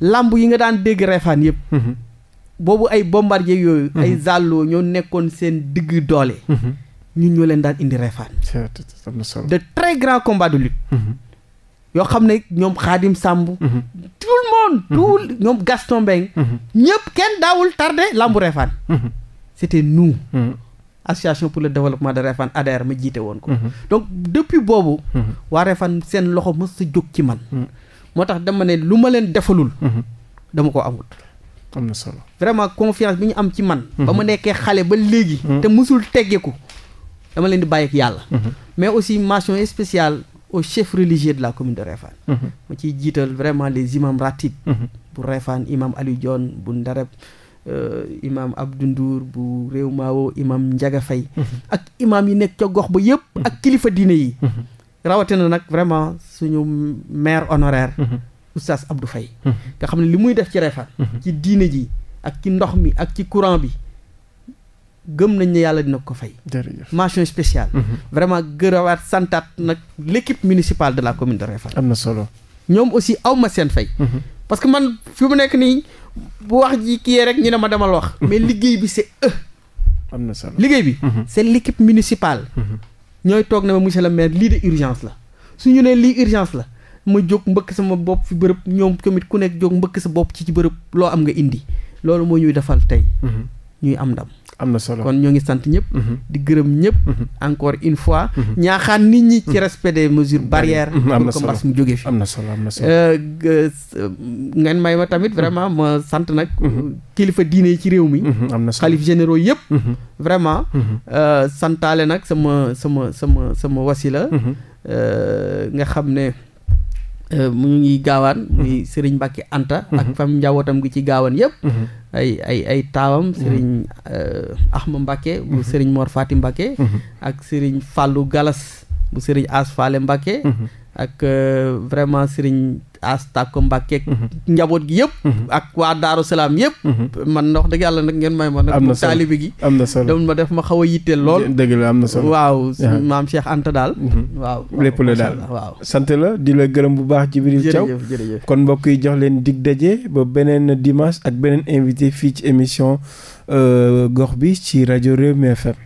làmb yi nga daan dégg reefaan yëpp. Mhm. boobu ay bombardier yooyu. Mhm. ay zàlloo ñoo nekkoon seen digg doole. Mhm. ñun ñoo leen daan indi reefaan. de très grands combats de lutte. yoo xam ne ñoom Xaadim Samb. tout le monde. tout ñoom Gaston Mbengue. ñëpp kenn daawul tardé làmbu reefaan. c'était nous. association pour le développement de Refane ADR ma jiite woon ko. Mhm. donc depuis boobu. Mhm. waa Refane seen loxo mës sa jóg ci man. Mhm. moo tax dama ne lu ma leen defalul. dama ko amut. am na solo vraiment confiance bi ñu am ci man. ba ma nekkee xale ba léegi. te mësul teggeeku dama leen di bàyyi ak yàlla. mais aussi mention spéciale au chef religieux de la commune de Refane. ma ciy jiital vraiment les imams ratib. bu Refane imam Aliou Dione bu Ndareb Euh, imam Abdou Ndour bu réew maawo imam Ndiaga Faye mhm. ak imam yi nekk ca gox ba yëpp mhm. ak kilifa diine yi mhm. rawatina nag vraiment suñu maire honoraire oustaz Abdou Faye nga xam ne li muy def ci refat ci diine ji ak ci ndox mi ak ci courant bi gëm nañ ne yàlla dina ko fay mention spéciale vraiment gërëwaat santaat nag l' équipe municipale de la commune de Réfane am na solo ñoom aussi awma seen fay parce que man fi mu nekk nii bu wax ji kii rek ñu ne ma demal wax. Mhm. mais liggéey bi c'est e. am na solo liggéey bi. Mhm. seen l'équipe municipale. Mhm. ñooy toog na ma monsieur le maire lii de urgence la su ñu ne lii urgence la ma jóg mbëkk sama bopp fi bërëb ñoom tamit ku nekk jóg mbëkk sa bopp ci ci bërëb loo am nga indi loolu moo ñuy defal tey. ñuy am ndam. am na solo kon ñoo ngi sant ñëpp. Mm-hmm. di gërëm ñëpp. Mm-hmm. encore une fois. Mm-hmm. ñaaxaan nit ñi ci respect mesure mesures barrières. pour que mbas mu jógee fi. na solo am na solo. Euh, ngeen may ma tamit vraiment ma sant nag. kilifa diine ci réew mi. am na solo xalif généraux yëpp. vraiment. Euh, santaale nag sama sama sama sama wasila. Euh, nga xam ne. mu ngi gaawaan muy Serigne Mbacke Anta. ak fam njabootam gi ci gaawaan yëpp. ay ay ay taawam mm-hmm. sëriñ euh, Axma Mbacke bu mm-hmm. sëriñ Mor Fati Mbacke mm-hmm. ak sëriñ Fallou Galas bu sëriñ As Fale ak euh, vraiment Serigne Astako Mbacke. Mhm. njaboot gi yëpp. Mhm. ak waa Daaru Salaam yëpp. Mhm. man ndox dëgg yàlla nag ngeen may ma. am na solo taalibe gi am na solo doon ma def ma xaw a yitteel lool. dëgg am na solo waaw. maam Cheikh Anta daal. waaw lépp la daal waaw. sant la di la gërëm bu baax. ci Djibril Thiaw jërëjëf kon mbokk yi jox leen dig daje ba beneen dimanche ak beneen invité fii ci émission euh, gox bi ci rajo Rewmi FM.